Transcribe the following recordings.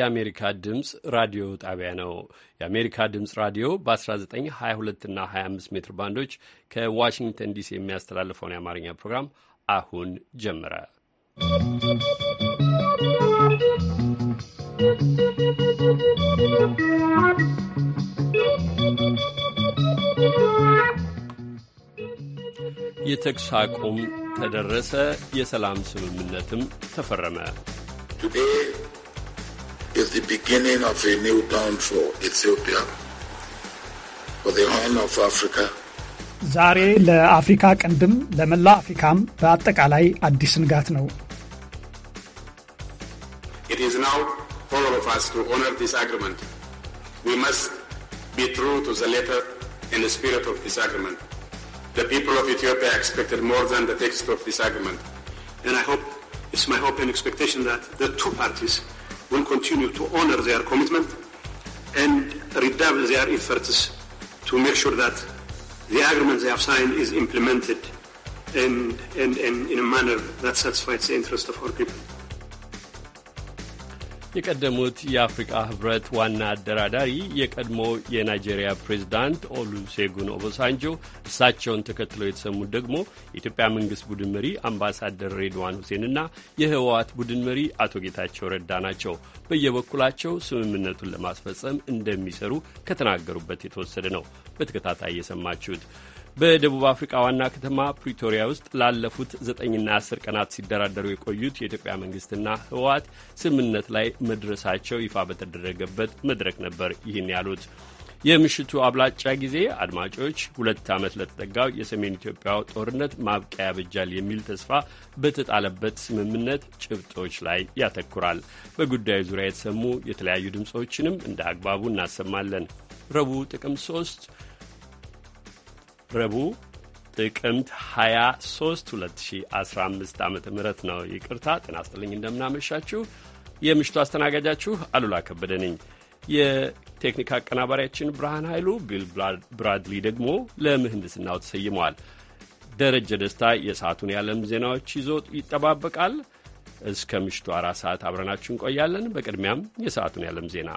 የአሜሪካ ድምፅ ራዲዮ ጣቢያ ነው። የአሜሪካ ድምፅ ራዲዮ በ1922 እና 25 ሜትር ባንዶች ከዋሽንግተን ዲሲ የሚያስተላልፈውን የአማርኛ ፕሮግራም አሁን ጀመረ። የተኩስ አቁም ተደረሰ፣ የሰላም ስምምነትም ተፈረመ። is the beginning of a new dawn for Ethiopia, for the whole of Africa. ዛሬ ለአፍሪካ ቀንድም ለመላ አፍሪካም በአጠቃላይ አዲስ ንጋት ነው። It is now for all of us to honor this agreement. We must be true to the letter and the spirit of this agreement. The people of Ethiopia expected more than the text of this agreement. And I hope, it's my hope and expectation that the two parties will continue to honor their commitment and redouble their efforts to make sure that the agreement they have signed is implemented in, in, in, in a manner that satisfies the interest of our people. የቀደሙት የአፍሪቃ ህብረት ዋና አደራዳሪ የቀድሞ የናይጄሪያ ፕሬዚዳንት ኦሉሴጉን ኦቦሳንጆ፣ እሳቸውን ተከትለው የተሰሙት ደግሞ የኢትዮጵያ መንግስት ቡድን መሪ አምባሳደር ሬድዋን ሁሴንና የህወሓት ቡድን መሪ አቶ ጌታቸው ረዳ ናቸው። በየበኩላቸው ስምምነቱን ለማስፈጸም እንደሚሰሩ ከተናገሩበት የተወሰደ ነው። በተከታታይ የሰማችሁት በደቡብ አፍሪካ ዋና ከተማ ፕሪቶሪያ ውስጥ ላለፉት ዘጠኝና አስር ቀናት ሲደራደሩ የቆዩት የኢትዮጵያ መንግስትና ህወሓት ስምምነት ላይ መድረሳቸው ይፋ በተደረገበት መድረክ ነበር ይህን ያሉት። የምሽቱ አብላጫ ጊዜ አድማጮች ሁለት ዓመት ለተጠጋው የሰሜን ኢትዮጵያው ጦርነት ማብቂያ ያበጃል የሚል ተስፋ በተጣለበት ስምምነት ጭብጦች ላይ ያተኩራል። በጉዳዩ ዙሪያ የተሰሙ የተለያዩ ድምፆችንም እንደ አግባቡ እናሰማለን። ረቡዕ ጥቅም 3 ረቡዕ ጥቅምት 23 2015 ዓ ም ነው። ይቅርታ ጤና ስጥልኝ፣ እንደምናመሻችሁ። የምሽቱ አስተናጋጃችሁ አሉላ ከበደ ነኝ። የቴክኒክ አቀናባሪያችን ብርሃን ኃይሉ፣ ቢል ብራድሊ ደግሞ ለምህንድስናው ተሰይመዋል። ደረጀ ደስታ የሰዓቱን የዓለም ዜናዎች ይዞ ይጠባበቃል። እስከ ምሽቱ አራት ሰዓት አብረናችሁ እንቆያለን። በቅድሚያም የሰዓቱን የዓለም ዜና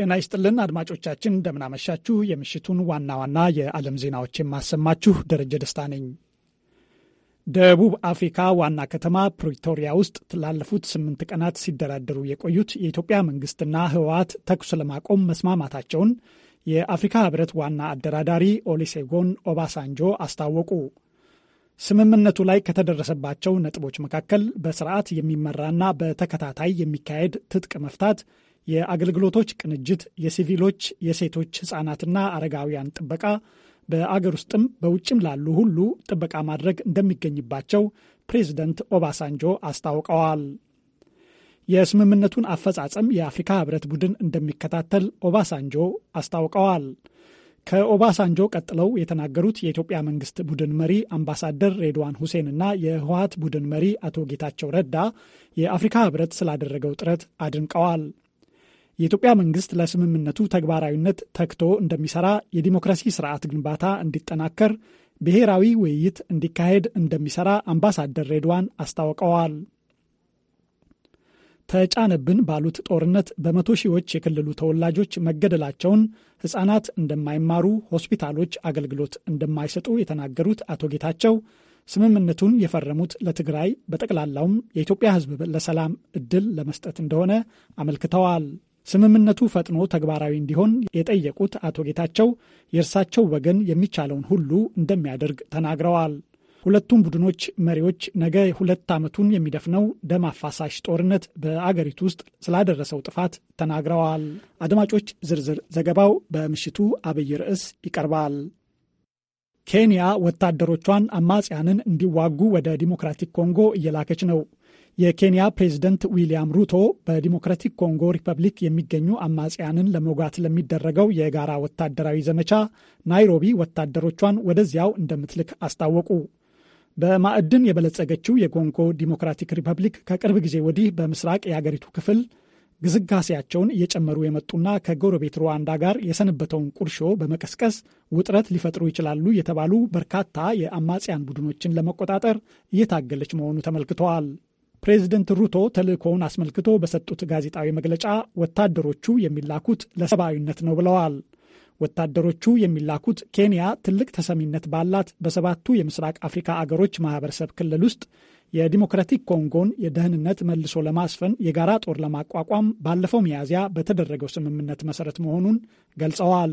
ጤና ይስጥልን አድማጮቻችን፣ እንደምናመሻችሁ። የምሽቱን ዋና ዋና የዓለም ዜናዎች የማሰማችሁ ደረጀ ደስታ ነኝ። ደቡብ አፍሪካ ዋና ከተማ ፕሪቶሪያ ውስጥ ላለፉት ስምንት ቀናት ሲደራደሩ የቆዩት የኢትዮጵያ መንግስትና ህወሓት ተኩስ ለማቆም መስማማታቸውን የአፍሪካ ህብረት ዋና አደራዳሪ ኦሊሴጎን ኦባሳንጆ አስታወቁ። ስምምነቱ ላይ ከተደረሰባቸው ነጥቦች መካከል በስርዓት የሚመራና በተከታታይ የሚካሄድ ትጥቅ መፍታት የአገልግሎቶች ቅንጅት፣ የሲቪሎች፣ የሴቶች ህጻናትና አረጋውያን ጥበቃ በአገር ውስጥም በውጭም ላሉ ሁሉ ጥበቃ ማድረግ እንደሚገኝባቸው ፕሬዚደንት ኦባሳንጆ አስታውቀዋል። የስምምነቱን አፈጻጸም የአፍሪካ ህብረት ቡድን እንደሚከታተል ኦባሳንጆ አስታውቀዋል። ከኦባሳንጆ ቀጥለው የተናገሩት የኢትዮጵያ መንግስት ቡድን መሪ አምባሳደር ሬድዋን ሁሴንና የህወሀት ቡድን መሪ አቶ ጌታቸው ረዳ የአፍሪካ ህብረት ስላደረገው ጥረት አድንቀዋል። የኢትዮጵያ መንግስት ለስምምነቱ ተግባራዊነት ተግቶ እንደሚሰራ፣ የዲሞክራሲ ስርዓት ግንባታ እንዲጠናከር ብሔራዊ ውይይት እንዲካሄድ እንደሚሰራ አምባሳደር ሬድዋን አስታውቀዋል። ተጫነብን ባሉት ጦርነት በመቶ ሺዎች የክልሉ ተወላጆች መገደላቸውን፣ ሕፃናት እንደማይማሩ፣ ሆስፒታሎች አገልግሎት እንደማይሰጡ የተናገሩት አቶ ጌታቸው ስምምነቱን የፈረሙት ለትግራይ በጠቅላላውም የኢትዮጵያ ሕዝብ ለሰላም እድል ለመስጠት እንደሆነ አመልክተዋል። ስምምነቱ ፈጥኖ ተግባራዊ እንዲሆን የጠየቁት አቶ ጌታቸው የእርሳቸው ወገን የሚቻለውን ሁሉ እንደሚያደርግ ተናግረዋል። ሁለቱም ቡድኖች መሪዎች ነገ ሁለት ዓመቱን የሚደፍነው ደም አፋሳሽ ጦርነት በአገሪቱ ውስጥ ስላደረሰው ጥፋት ተናግረዋል። አድማጮች፣ ዝርዝር ዘገባው በምሽቱ አብይ ርዕስ ይቀርባል። ኬንያ ወታደሮቿን አማጽያንን እንዲዋጉ ወደ ዲሞክራቲክ ኮንጎ እየላከች ነው። የኬንያ ፕሬዝደንት ዊልያም ሩቶ በዲሞክራቲክ ኮንጎ ሪፐብሊክ የሚገኙ አማጽያንን ለመውጋት ለሚደረገው የጋራ ወታደራዊ ዘመቻ ናይሮቢ ወታደሮቿን ወደዚያው እንደምትልክ አስታወቁ። በማዕድን የበለጸገችው የኮንጎ ዲሞክራቲክ ሪፐብሊክ ከቅርብ ጊዜ ወዲህ በምስራቅ የአገሪቱ ክፍል ግስጋሴያቸውን እየጨመሩ የመጡና ከጎረቤት ሩዋንዳ ጋር የሰነበተውን ቁርሾ በመቀስቀስ ውጥረት ሊፈጥሩ ይችላሉ የተባሉ በርካታ የአማጽያን ቡድኖችን ለመቆጣጠር እየታገለች መሆኑ ተመልክተዋል። ፕሬዚደንት ሩቶ ተልእኮውን አስመልክቶ በሰጡት ጋዜጣዊ መግለጫ ወታደሮቹ የሚላኩት ለሰብአዊነት ነው ብለዋል። ወታደሮቹ የሚላኩት ኬንያ ትልቅ ተሰሚነት ባላት በሰባቱ የምስራቅ አፍሪካ አገሮች ማህበረሰብ ክልል ውስጥ የዲሞክራቲክ ኮንጎን የደህንነት መልሶ ለማስፈን የጋራ ጦር ለማቋቋም ባለፈው ሚያዝያ በተደረገው ስምምነት መሰረት መሆኑን ገልጸዋል።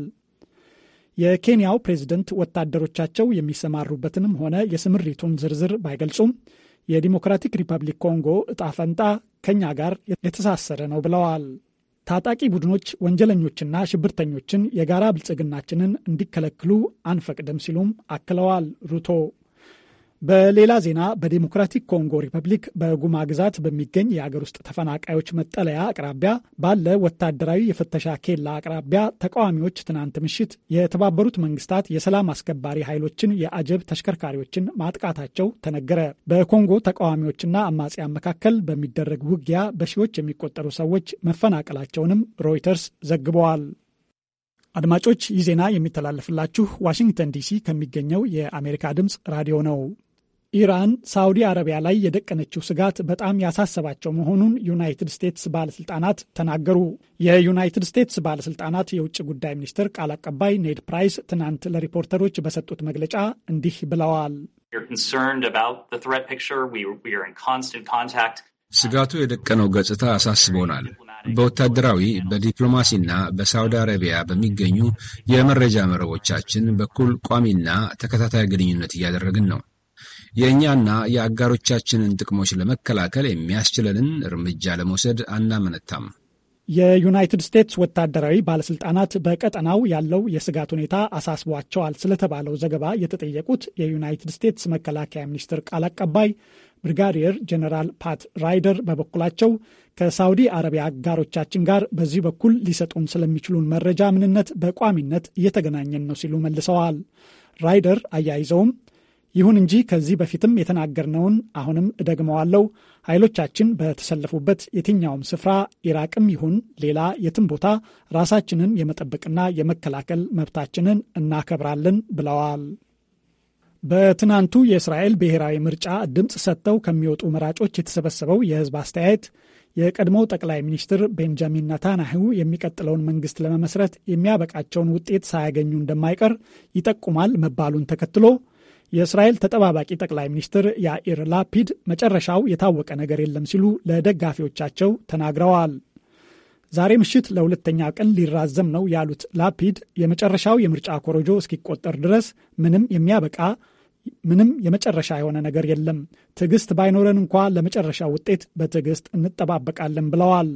የኬንያው ፕሬዝደንት ወታደሮቻቸው የሚሰማሩበትንም ሆነ የስምሪቱን ዝርዝር ባይገልጹም የዲሞክራቲክ ሪፐብሊክ ኮንጎ እጣ ፈንታ ከኛ ጋር የተሳሰረ ነው ብለዋል። ታጣቂ ቡድኖች ወንጀለኞችና ሽብርተኞችን የጋራ ብልጽግናችንን እንዲከለክሉ አንፈቅድም ሲሉም አክለዋል ሩቶ በሌላ ዜና በዴሞክራቲክ ኮንጎ ሪፐብሊክ በጉማ ግዛት በሚገኝ የአገር ውስጥ ተፈናቃዮች መጠለያ አቅራቢያ ባለ ወታደራዊ የፍተሻ ኬላ አቅራቢያ ተቃዋሚዎች ትናንት ምሽት የተባበሩት መንግስታት የሰላም አስከባሪ ኃይሎችን የአጀብ ተሽከርካሪዎችን ማጥቃታቸው ተነገረ። በኮንጎ ተቃዋሚዎችና አማጽያን መካከል በሚደረግ ውጊያ በሺዎች የሚቆጠሩ ሰዎች መፈናቀላቸውንም ሮይተርስ ዘግበዋል። አድማጮች ይህ ዜና የሚተላለፍላችሁ ዋሽንግተን ዲሲ ከሚገኘው የአሜሪካ ድምፅ ራዲዮ ነው። ኢራን ሳውዲ አረቢያ ላይ የደቀነችው ስጋት በጣም ያሳሰባቸው መሆኑን ዩናይትድ ስቴትስ ባለስልጣናት ተናገሩ። የዩናይትድ ስቴትስ ባለስልጣናት የውጭ ጉዳይ ሚኒስትር ቃል አቀባይ ኔድ ፕራይስ ትናንት ለሪፖርተሮች በሰጡት መግለጫ እንዲህ ብለዋል። ስጋቱ የደቀነው ገጽታ አሳስቦናል። በወታደራዊ በዲፕሎማሲና በሳውዲ አረቢያ በሚገኙ የመረጃ መረቦቻችን በኩል ቋሚና ተከታታይ ግንኙነት እያደረግን ነው። የእኛና የአጋሮቻችንን ጥቅሞች ለመከላከል የሚያስችለንን እርምጃ ለመውሰድ አናመነታም። የዩናይትድ ስቴትስ ወታደራዊ ባለስልጣናት በቀጠናው ያለው የስጋት ሁኔታ አሳስቧቸዋል ስለተባለው ዘገባ የተጠየቁት የዩናይትድ ስቴትስ መከላከያ ሚኒስትር ቃል አቀባይ ብሪጋዲየር ጀነራል ፓት ራይደር በበኩላቸው ከሳውዲ አረቢያ አጋሮቻችን ጋር በዚህ በኩል ሊሰጡን ስለሚችሉን መረጃ ምንነት በቋሚነት እየተገናኘን ነው ሲሉ መልሰዋል። ራይደር አያይዘውም ይሁን እንጂ ከዚህ በፊትም የተናገርነውን አሁንም እደግመዋለው፣ ኃይሎቻችን በተሰለፉበት የትኛውም ስፍራ ኢራቅም ይሁን ሌላ የትም ቦታ ራሳችንን የመጠበቅና የመከላከል መብታችንን እናከብራለን ብለዋል። በትናንቱ የእስራኤል ብሔራዊ ምርጫ ድምፅ ሰጥተው ከሚወጡ መራጮች የተሰበሰበው የህዝብ አስተያየት የቀድሞው ጠቅላይ ሚኒስትር ቤንጃሚን ነታናሁ የሚቀጥለውን መንግስት ለመመስረት የሚያበቃቸውን ውጤት ሳያገኙ እንደማይቀር ይጠቁማል መባሉን ተከትሎ የእስራኤል ተጠባባቂ ጠቅላይ ሚኒስትር ያኢር ላፒድ መጨረሻው የታወቀ ነገር የለም ሲሉ ለደጋፊዎቻቸው ተናግረዋል። ዛሬ ምሽት ለሁለተኛ ቀን ሊራዘም ነው ያሉት ላፒድ የመጨረሻው የምርጫ ኮረጆ እስኪቆጠር ድረስ ምንም የሚያበቃ ምንም የመጨረሻ የሆነ ነገር የለም። ትዕግስት ባይኖረን እንኳ ለመጨረሻ ውጤት በትዕግስት እንጠባበቃለን ብለዋል።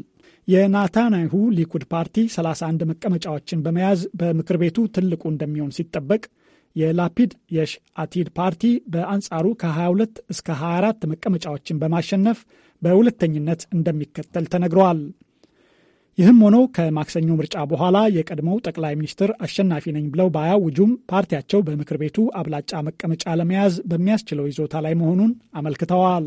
የናታናይሁ ሊኩድ ፓርቲ 31 መቀመጫዎችን በመያዝ በምክር ቤቱ ትልቁ እንደሚሆን ሲጠበቅ የላፒድ የሽ አቲድ ፓርቲ በአንጻሩ ከ22 እስከ 24 መቀመጫዎችን በማሸነፍ በሁለተኝነት እንደሚከተል ተነግረዋል። ይህም ሆኖ ከማክሰኞ ምርጫ በኋላ የቀድሞው ጠቅላይ ሚኒስትር አሸናፊ ነኝ ብለው ባያውጁም ፓርቲያቸው በምክር ቤቱ አብላጫ መቀመጫ ለመያዝ በሚያስችለው ይዞታ ላይ መሆኑን አመልክተዋል።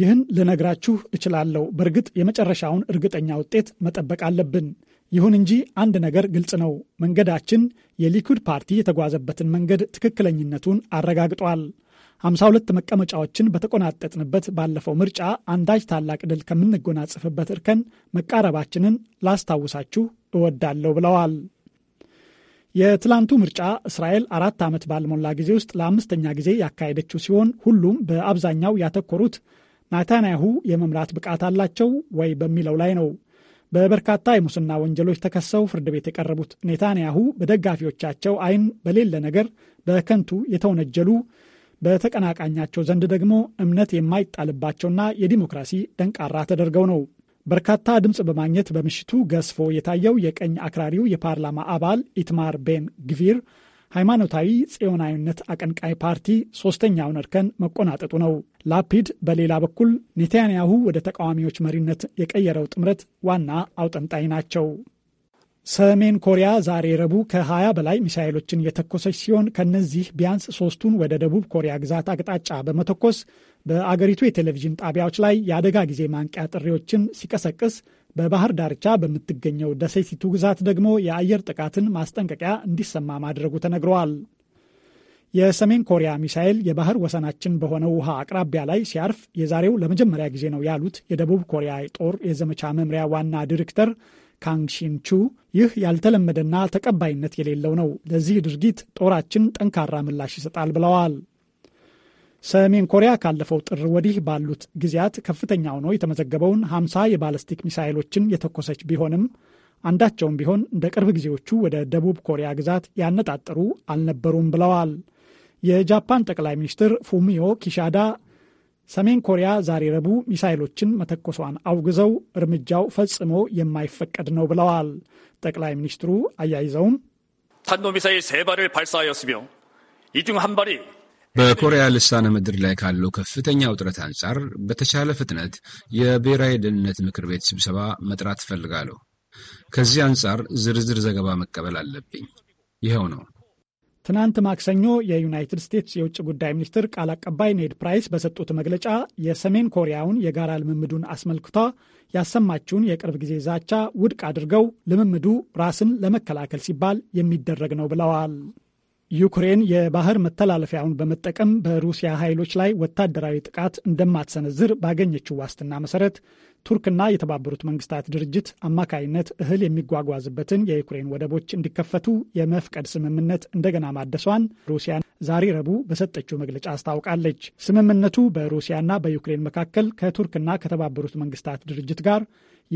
ይህን ልነግራችሁ እችላለሁ። በእርግጥ የመጨረሻውን እርግጠኛ ውጤት መጠበቅ አለብን። ይሁን እንጂ አንድ ነገር ግልጽ ነው፣ መንገዳችን የሊኩድ ፓርቲ የተጓዘበትን መንገድ ትክክለኝነቱን አረጋግጧል። 52 መቀመጫዎችን በተቆናጠጥንበት ባለፈው ምርጫ አንዳች ታላቅ ድል ከምንጎናጽፍበት እርከን መቃረባችንን ላስታውሳችሁ እወዳለሁ ብለዋል። የትላንቱ ምርጫ እስራኤል አራት ዓመት ባልሞላ ጊዜ ውስጥ ለአምስተኛ ጊዜ ያካሄደችው ሲሆን ሁሉም በአብዛኛው ያተኮሩት ናታንያሁ የመምራት ብቃት አላቸው ወይ በሚለው ላይ ነው። በበርካታ የሙስና ወንጀሎች ተከሰው ፍርድ ቤት የቀረቡት ኔታንያሁ በደጋፊዎቻቸው ዓይን በሌለ ነገር በከንቱ የተወነጀሉ በተቀናቃኛቸው ዘንድ ደግሞ እምነት የማይጣልባቸውና የዲሞክራሲ ደንቃራ ተደርገው ነው። በርካታ ድምፅ በማግኘት በምሽቱ ገዝፎ የታየው የቀኝ አክራሪው የፓርላማ አባል ኢትማር ቤን ግቪር ሃይማኖታዊ ጽዮናዊነት አቀንቃይ ፓርቲ ሶስተኛውን እርከን መቆናጠጡ ነው። ላፒድ በሌላ በኩል ኔታንያሁ ወደ ተቃዋሚዎች መሪነት የቀየረው ጥምረት ዋና አውጠንጣይ ናቸው። ሰሜን ኮሪያ ዛሬ ረቡዕ ከ20 በላይ ሚሳይሎችን የተኮሰች ሲሆን ከነዚህ ቢያንስ ሶስቱን ወደ ደቡብ ኮሪያ ግዛት አቅጣጫ በመተኮስ በአገሪቱ የቴሌቪዥን ጣቢያዎች ላይ የአደጋ ጊዜ ማንቂያ ጥሪዎችን ሲቀሰቅስ በባህር ዳርቻ በምትገኘው ደሴቲቱ ግዛት ደግሞ የአየር ጥቃትን ማስጠንቀቂያ እንዲሰማ ማድረጉ ተነግረዋል። የሰሜን ኮሪያ ሚሳኤል የባህር ወሰናችን በሆነው ውሃ አቅራቢያ ላይ ሲያርፍ የዛሬው ለመጀመሪያ ጊዜ ነው ያሉት የደቡብ ኮሪያ ጦር የዘመቻ መምሪያ ዋና ዲሬክተር ካንግሺንቹ ይህ ያልተለመደና ተቀባይነት የሌለው ነው። ለዚህ ድርጊት ጦራችን ጠንካራ ምላሽ ይሰጣል ብለዋል። ሰሜን ኮሪያ ካለፈው ጥር ወዲህ ባሉት ጊዜያት ከፍተኛ ሆኖ የተመዘገበውን 50 የባለስቲክ ሚሳይሎችን የተኮሰች ቢሆንም አንዳቸውም ቢሆን እንደ ቅርብ ጊዜዎቹ ወደ ደቡብ ኮሪያ ግዛት ያነጣጠሩ አልነበሩም ብለዋል። የጃፓን ጠቅላይ ሚኒስትር ፉሚዮ ኪሻዳ ሰሜን ኮሪያ ዛሬ ረቡዕ ሚሳይሎችን መተኮሷን አውግዘው እርምጃው ፈጽሞ የማይፈቀድ ነው ብለዋል። ጠቅላይ ሚኒስትሩ አያይዘውም 탄도미사일 3발을 발사하였으며 이중한 발이 በኮሪያ ልሳነ ምድር ላይ ካለው ከፍተኛ ውጥረት አንጻር በተቻለ ፍጥነት የብሔራዊ ደህንነት ምክር ቤት ስብሰባ መጥራት እፈልጋለሁ። ከዚህ አንጻር ዝርዝር ዘገባ መቀበል አለብኝ። ይኸው ነው። ትናንት ማክሰኞ የዩናይትድ ስቴትስ የውጭ ጉዳይ ሚኒስትር ቃል አቀባይ ኔድ ፕራይስ በሰጡት መግለጫ የሰሜን ኮሪያውን የጋራ ልምምዱን አስመልክቷ ያሰማችውን የቅርብ ጊዜ ዛቻ ውድቅ አድርገው ልምምዱ ራስን ለመከላከል ሲባል የሚደረግ ነው ብለዋል። ዩክሬን የባህር መተላለፊያውን በመጠቀም በሩሲያ ኃይሎች ላይ ወታደራዊ ጥቃት እንደማትሰነዝር ባገኘችው ዋስትና መሰረት ቱርክና የተባበሩት መንግስታት ድርጅት አማካይነት እህል የሚጓጓዝበትን የዩክሬን ወደቦች እንዲከፈቱ የመፍቀድ ስምምነት እንደገና ማደሷን ሩሲያ ዛሬ ረቡዕ በሰጠችው መግለጫ አስታውቃለች። ስምምነቱ በሩሲያና በዩክሬን መካከል ከቱርክና ከተባበሩት መንግስታት ድርጅት ጋር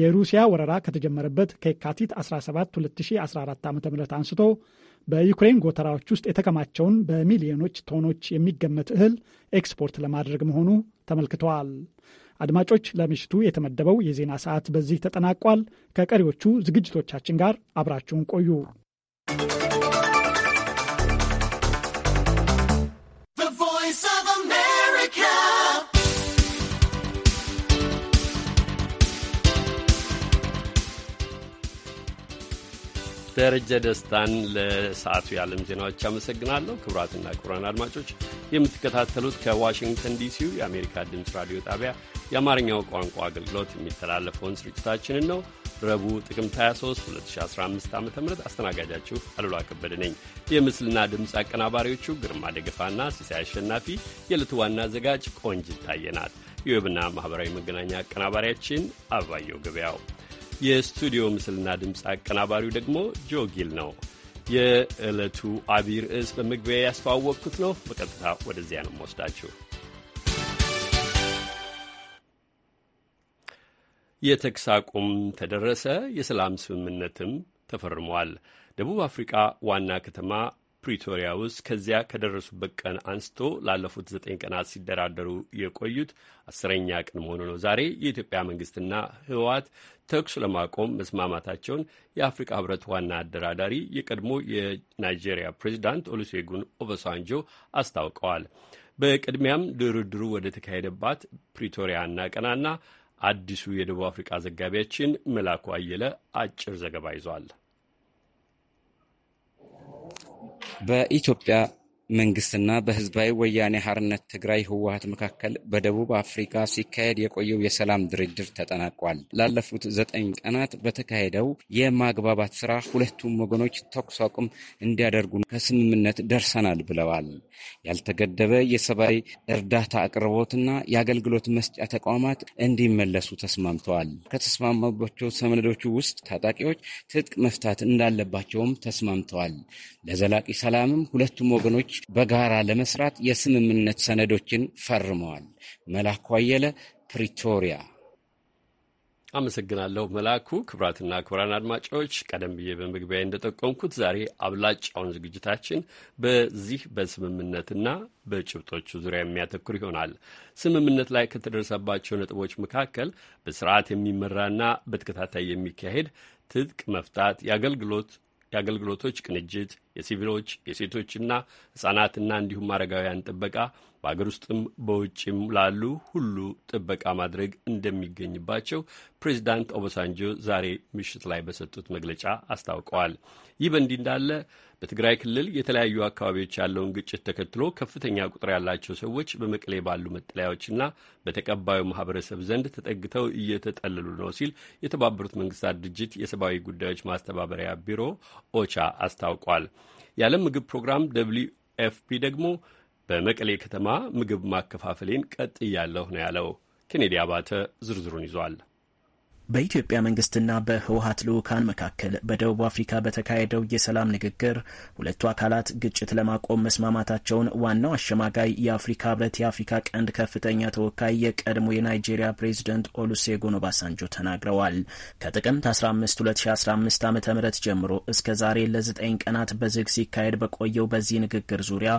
የሩሲያ ወረራ ከተጀመረበት ከየካቲት 17 2014 ዓ ም አንስቶ በዩክሬን ጎተራዎች ውስጥ የተከማቸውን በሚሊዮኖች ቶኖች የሚገመት እህል ኤክስፖርት ለማድረግ መሆኑ ተመልክተዋል። አድማጮች፣ ለምሽቱ የተመደበው የዜና ሰዓት በዚህ ተጠናቋል። ከቀሪዎቹ ዝግጅቶቻችን ጋር አብራችሁን ቆዩ። ደረጀ ደስታን ለሰዓቱ የዓለም ዜናዎች አመሰግናለሁ። ክቡራትና ክቡራን አድማጮች የምትከታተሉት ከዋሽንግተን ዲሲው የአሜሪካ ድምፅ ራዲዮ ጣቢያ የአማርኛው ቋንቋ አገልግሎት የሚተላለፈውን ስርጭታችንን ነው። ረቡዕ ጥቅምት 23 2015 ዓ ም አስተናጋጃችሁ አሉላ ከበደ ነኝ። የምስልና ድምፅ አቀናባሪዎቹ ግርማ ደገፋና ሲሳይ አሸናፊ፣ የዕለቱ ዋና አዘጋጅ ቆንጅ ይታየናል። የዌብና ማኅበራዊ መገናኛ አቀናባሪያችን አበባየው ገበያው የስቱዲዮ ምስልና ድምፅ አቀናባሪው ደግሞ ጆ ጊል ነው። የዕለቱ አቢይ ርዕስ በመግቢያ ያስተዋወቅኩት ነው። በቀጥታ ወደዚያ ነው የምወስዳችሁ። የተኩስ አቁም ተደረሰ፣ የሰላም ስምምነትም ተፈርሟል። ደቡብ አፍሪቃ ዋና ከተማ ፕሪቶሪያ ውስጥ ከዚያ ከደረሱበት ቀን አንስቶ ላለፉት ዘጠኝ ቀናት ሲደራደሩ የቆዩት አስረኛ ቀን መሆኑ ነው። ዛሬ የኢትዮጵያ መንግስትና ህወሓት ተኩስ ለማቆም መስማማታቸውን የአፍሪካ ህብረት ዋና አደራዳሪ የቀድሞ የናይጄሪያ ፕሬዚዳንት ኦሉሴጉን ኦበሳንጆ አስታውቀዋል። በቅድሚያም ድርድሩ ወደ ተካሄደባት ፕሪቶሪያ እናቀናና አዲሱ የደቡብ አፍሪካ ዘጋቢያችን መላኩ አየለ አጭር ዘገባ ይዟል። በኢትዮጵያ መንግስትና በህዝባዊ ወያኔ ሐርነት ትግራይ ህወሀት መካከል በደቡብ አፍሪካ ሲካሄድ የቆየው የሰላም ድርድር ተጠናቋል። ላለፉት ዘጠኝ ቀናት በተካሄደው የማግባባት ስራ ሁለቱም ወገኖች ተኩስ አቁም እንዲያደርጉ ከስምምነት ደርሰናል ብለዋል። ያልተገደበ የሰብአዊ እርዳታ አቅርቦትና የአገልግሎት መስጫ ተቋማት እንዲመለሱ ተስማምተዋል። ከተስማማባቸው ሰነዶቹ ውስጥ ታጣቂዎች ትጥቅ መፍታት እንዳለባቸውም ተስማምተዋል። ለዘላቂ ሰላምም ሁለቱም ወገኖች በጋራ ለመስራት የስምምነት ሰነዶችን ፈርመዋል። መላኩ አየለ ፕሪቶሪያ። አመሰግናለሁ መላኩ። ክቡራትና ክቡራን አድማጮች ቀደም ብዬ በመግቢያ እንደጠቆምኩት ዛሬ አብላጫውን ዝግጅታችን በዚህ በስምምነትና በጭብጦቹ ዙሪያ የሚያተኩር ይሆናል። ስምምነት ላይ ከተደረሰባቸው ነጥቦች መካከል በስርዓት የሚመራና በተከታታይ የሚካሄድ ትጥቅ መፍታት፣ የአገልግሎቶች ቅንጅት የሲቪሎች የሴቶችና ህጻናትና እንዲሁም አረጋውያን ጥበቃ በአገር ውስጥም በውጭም ላሉ ሁሉ ጥበቃ ማድረግ እንደሚገኝባቸው ፕሬዚዳንት ኦባሳንጆ ዛሬ ምሽት ላይ በሰጡት መግለጫ አስታውቀዋል። ይህ በእንዲህ እንዳለ በትግራይ ክልል የተለያዩ አካባቢዎች ያለውን ግጭት ተከትሎ ከፍተኛ ቁጥር ያላቸው ሰዎች በመቀሌ ባሉ መጠለያዎችና በተቀባዩ ማህበረሰብ ዘንድ ተጠግተው እየተጠለሉ ነው ሲል የተባበሩት መንግስታት ድርጅት የሰብአዊ ጉዳዮች ማስተባበሪያ ቢሮ ኦቻ አስታውቋል። የዓለም ምግብ ፕሮግራም ደብልዩ ኤፍፒ ደግሞ በመቀሌ ከተማ ምግብ ማከፋፈሌን ቀጥ እያለሁ ነው ያለው። ኬኔዲ አባተ ዝርዝሩን ይዟል። በኢትዮጵያ መንግስትና በህወሀት ልዑካን መካከል በደቡብ አፍሪካ በተካሄደው የሰላም ንግግር ሁለቱ አካላት ግጭት ለማቆም መስማማታቸውን ዋናው አሸማጋይ የአፍሪካ ህብረት የአፍሪካ ቀንድ ከፍተኛ ተወካይ የቀድሞ የናይጄሪያ ፕሬዚደንት ኦሉሴጉን ኦባሳንጆ ተናግረዋል። ከጥቅምት 15 2015 ዓ ም ጀምሮ እስከ ዛሬ ለዘጠኝ ቀናት በዝግ ሲካሄድ በቆየው በዚህ ንግግር ዙሪያ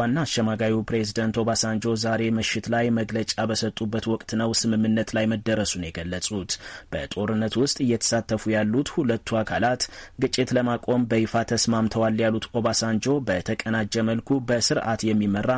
ዋና አሸማጋዩ ፕሬዚደንት ኦባሳንጆ ዛሬ ምሽት ላይ መግለጫ በሰጡበት ወቅት ነው ስምምነት ላይ መደረሱን የገለጹት። በጦርነት ውስጥ እየተሳተፉ ያሉት ሁለቱ አካላት ግጭት ለማቆም በይፋ ተስማምተዋል ያሉት ኦባሳንጆ በተቀናጀ መልኩ በስርዓት የሚመራ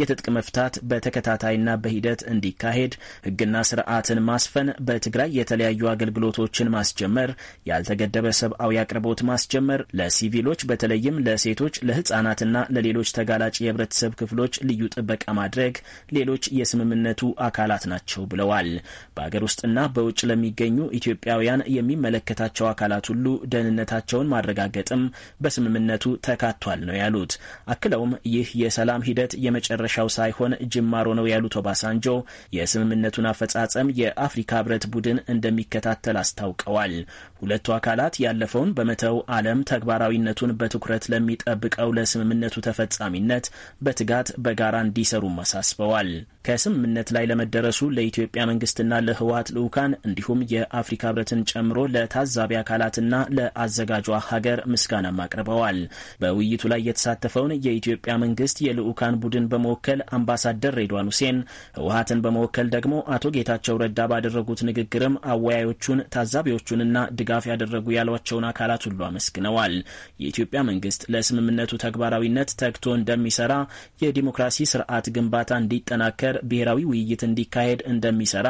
የትጥቅ መፍታት በተከታታይና በሂደት እንዲካሄድ፣ ህግና ስርዓትን ማስፈን፣ በትግራይ የተለያዩ አገልግሎቶችን ማስጀመር፣ ያልተገደበ ሰብአዊ አቅርቦት ማስጀመር፣ ለሲቪሎች በተለይም ለሴቶች ለህጻናትና ለሌሎች ተጋላጭ የህብረተሰብ ክፍሎች ልዩ ጥበቃ ማድረግ ሌሎች የስምምነቱ አካላት ናቸው ብለዋል። በአገር ውስጥና በውጭ ለሚገኙ ኢትዮጵያውያን የሚመለከታቸው አካላት ሁሉ ደህንነታቸውን ማረጋገጥም በስምምነቱ ተካቷል ነው ያሉት። አክለውም ይህ የሰላም ሂደት የመጨረሻው ሳይሆን ጅማሮ ነው ያሉት ኦባሳንጆ የስምምነቱን አፈጻጸም የአፍሪካ ህብረት ቡድን እንደሚከታተል አስታውቀዋል። ሁለቱ አካላት ያለፈውን በመተው ዓለም ተግባራዊነቱን በትኩረት ለሚጠብቀው ለስምምነቱ ተፈጻሚነት በትጋት በጋራ እንዲሰሩ አሳስበዋል። ከስምምነት ላይ ለመደረሱ ለኢትዮጵያ መንግስትና ለህወሀት ልዑካን እንዲሁም የአፍሪካ ህብረትን ጨምሮ ለታዛቢ አካላትና ለአዘጋጇ ሀገር ምስጋናም አቅርበዋል። በውይይቱ ላይ የተሳተፈውን የኢትዮጵያ መንግስት የልዑካን ቡድን በመወከል አምባሳደር ሬድዋን ሁሴን፣ ህወሀትን በመወከል ደግሞ አቶ ጌታቸው ረዳ ባደረጉት ንግግርም አወያዮቹን፣ ታዛቢዎቹንና ድጋፍ ያደረጉ ያሏቸውን አካላት ሁሉ አመስግነዋል። የኢትዮጵያ መንግስት ለስምምነቱ ተግባራዊነት ተግቶ እንደሚሰራ የዲሞክራሲ ስርዓት ግንባታ እንዲጠናከር ብሔራዊ ውይይት እንዲካሄድ እንደሚሰራ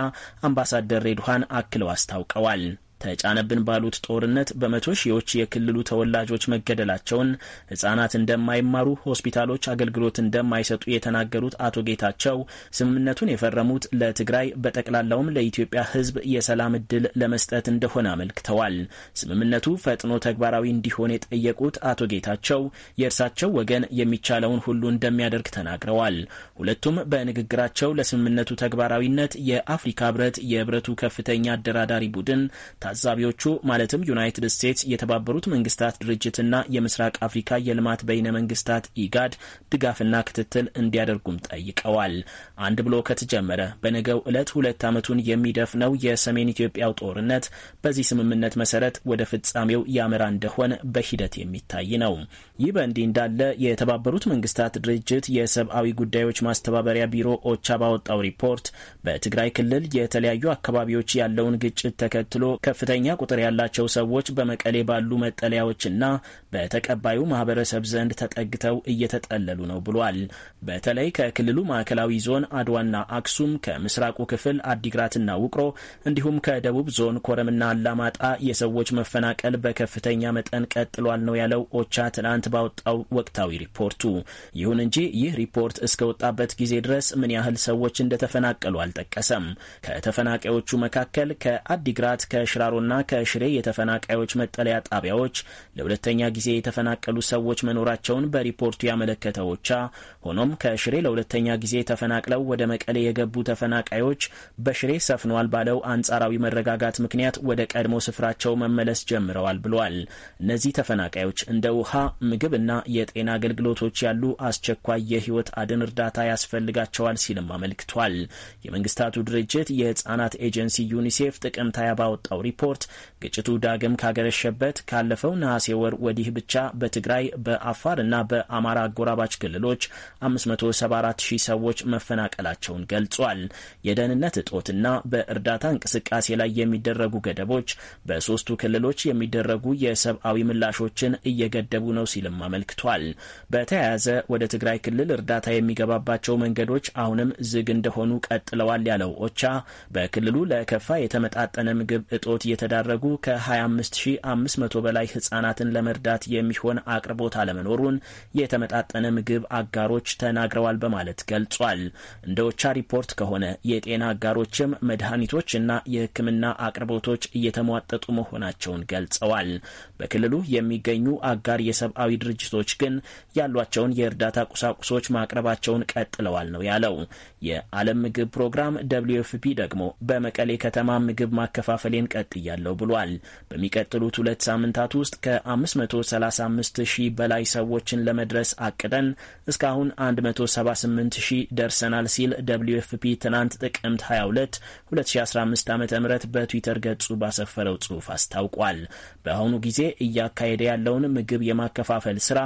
አምባሳደር ሬድሃን አክለው አስታውቀዋል። ተጫነብን ባሉት ጦርነት በመቶ ሺዎች የክልሉ ተወላጆች መገደላቸውን፣ ህጻናት እንደማይማሩ፣ ሆስፒታሎች አገልግሎት እንደማይሰጡ የተናገሩት አቶ ጌታቸው ስምምነቱን የፈረሙት ለትግራይ በጠቅላላውም ለኢትዮጵያ ህዝብ የሰላም እድል ለመስጠት እንደሆነ አመልክተዋል። ስምምነቱ ፈጥኖ ተግባራዊ እንዲሆን የጠየቁት አቶ ጌታቸው የእርሳቸው ወገን የሚቻለውን ሁሉ እንደሚያደርግ ተናግረዋል። ሁለቱም በንግግራቸው ለስምምነቱ ተግባራዊነት የአፍሪካ ህብረት የህብረቱ ከፍተኛ አደራዳሪ ቡድን ታዛቢዎቹ ማለትም ዩናይትድ ስቴትስ፣ የተባበሩት መንግስታት ድርጅትና የምስራቅ አፍሪካ የልማት በይነ መንግስታት ኢጋድ ድጋፍና ክትትል እንዲያደርጉም ጠይቀዋል። አንድ ብሎ ከተጀመረ በነገው ዕለት ሁለት ዓመቱን የሚደፍነው የሰሜን ኢትዮጵያው ጦርነት በዚህ ስምምነት መሰረት ወደ ፍጻሜው ያመራ እንደሆነ በሂደት የሚታይ ነው። ይህ በእንዲህ እንዳለ የተባበሩት መንግስታት ድርጅት የሰብአዊ ጉዳዮች ማስተባበሪያ ቢሮ ኦቻ ባወጣው ሪፖርት በትግራይ ክልል የተለያዩ አካባቢዎች ያለውን ግጭት ተከትሎ ከፍተኛ ቁጥር ያላቸው ሰዎች በመቀሌ ባሉ መጠለያዎችና በተቀባዩ ማህበረሰብ ዘንድ ተጠግተው እየተጠለሉ ነው ብሏል። በተለይ ከክልሉ ማዕከላዊ ዞን አድዋና አክሱም፣ ከምስራቁ ክፍል አዲግራትና ውቅሮ እንዲሁም ከደቡብ ዞን ኮረምና አላማጣ የሰዎች መፈናቀል በከፍተኛ መጠን ቀጥሏል ነው ያለው ኦቻ ትናንት ባወጣው ወቅታዊ ሪፖርቱ። ይሁን እንጂ ይህ ሪፖርት እስከወጣበት ጊዜ ድረስ ምን ያህል ሰዎች እንደተፈናቀሉ አልጠቀሰም። ከተፈናቃዮቹ መካከል ከአዲግራት ከሽራ ከሽራሮና ከሽሬ የተፈናቃዮች መጠለያ ጣቢያዎች ለሁለተኛ ጊዜ የተፈናቀሉ ሰዎች መኖራቸውን በሪፖርቱ ያመለከተው ኦቻ፣ ሆኖም ከሽሬ ለሁለተኛ ጊዜ ተፈናቅለው ወደ መቀሌ የገቡ ተፈናቃዮች በሽሬ ሰፍኗል ባለው አንጻራዊ መረጋጋት ምክንያት ወደ ቀድሞ ስፍራቸው መመለስ ጀምረዋል ብሏል። እነዚህ ተፈናቃዮች እንደ ውሃ፣ ምግብና የጤና አገልግሎቶች ያሉ አስቸኳይ የህይወት አድን እርዳታ ያስፈልጋቸዋል ሲልም አመልክቷል። የመንግስታቱ ድርጅት የህጻናት ኤጀንሲ ዩኒሴፍ ጥቅምት ሃያ ባወጣው report ግጭቱ ዳግም ካገረሸበት ካለፈው ነሐሴ ወር ወዲህ ብቻ በትግራይ በአፋርና በአማራ አጎራባች ክልሎች 574 ሰዎች መፈናቀላቸውን ገልጿል። የደህንነት እጦትና በእርዳታ እንቅስቃሴ ላይ የሚደረጉ ገደቦች በሶስቱ ክልሎች የሚደረጉ የሰብአዊ ምላሾችን እየገደቡ ነው ሲልም አመልክቷል። በተያያዘ ወደ ትግራይ ክልል እርዳታ የሚገባባቸው መንገዶች አሁንም ዝግ እንደሆኑ ቀጥለዋል ያለው ኦቻ በክልሉ ለከፋ የተመጣጠነ ምግብ እጦት እየተዳረጉ ከ25500 በላይ ህጻናትን ለመርዳት የሚሆን አቅርቦት አለመኖሩን የተመጣጠነ ምግብ አጋሮች ተናግረዋል በማለት ገልጿል። እንደ ኦቻ ሪፖርት ከሆነ የጤና አጋሮችም መድኃኒቶች እና የህክምና አቅርቦቶች እየተሟጠጡ መሆናቸውን ገልጸዋል። በክልሉ የሚገኙ አጋር የሰብአዊ ድርጅቶች ግን ያሏቸውን የእርዳታ ቁሳቁሶች ማቅረባቸውን ቀጥለዋል ነው ያለው። የዓለም ምግብ ፕሮግራም ደብሊው ኤፍ ደግሞ በመቀሌ ከተማ ምግብ ማከፋፈሌን ቀጥያለሁ ብሏል። ገልጸዋል። በሚቀጥሉት ሁለት ሳምንታት ውስጥ ከ535 ሺህ በላይ ሰዎችን ለመድረስ አቅደን እስካሁን 178 ሺህ ደርሰናል ሲል ደብሊው ኤፍፒ ትናንት ጥቅምት 22 2015 ዓ ም በትዊተር ገጹ ባሰፈረው ጽሑፍ አስታውቋል። በአሁኑ ጊዜ እያካሄደ ያለውን ምግብ የማከፋፈል ስራ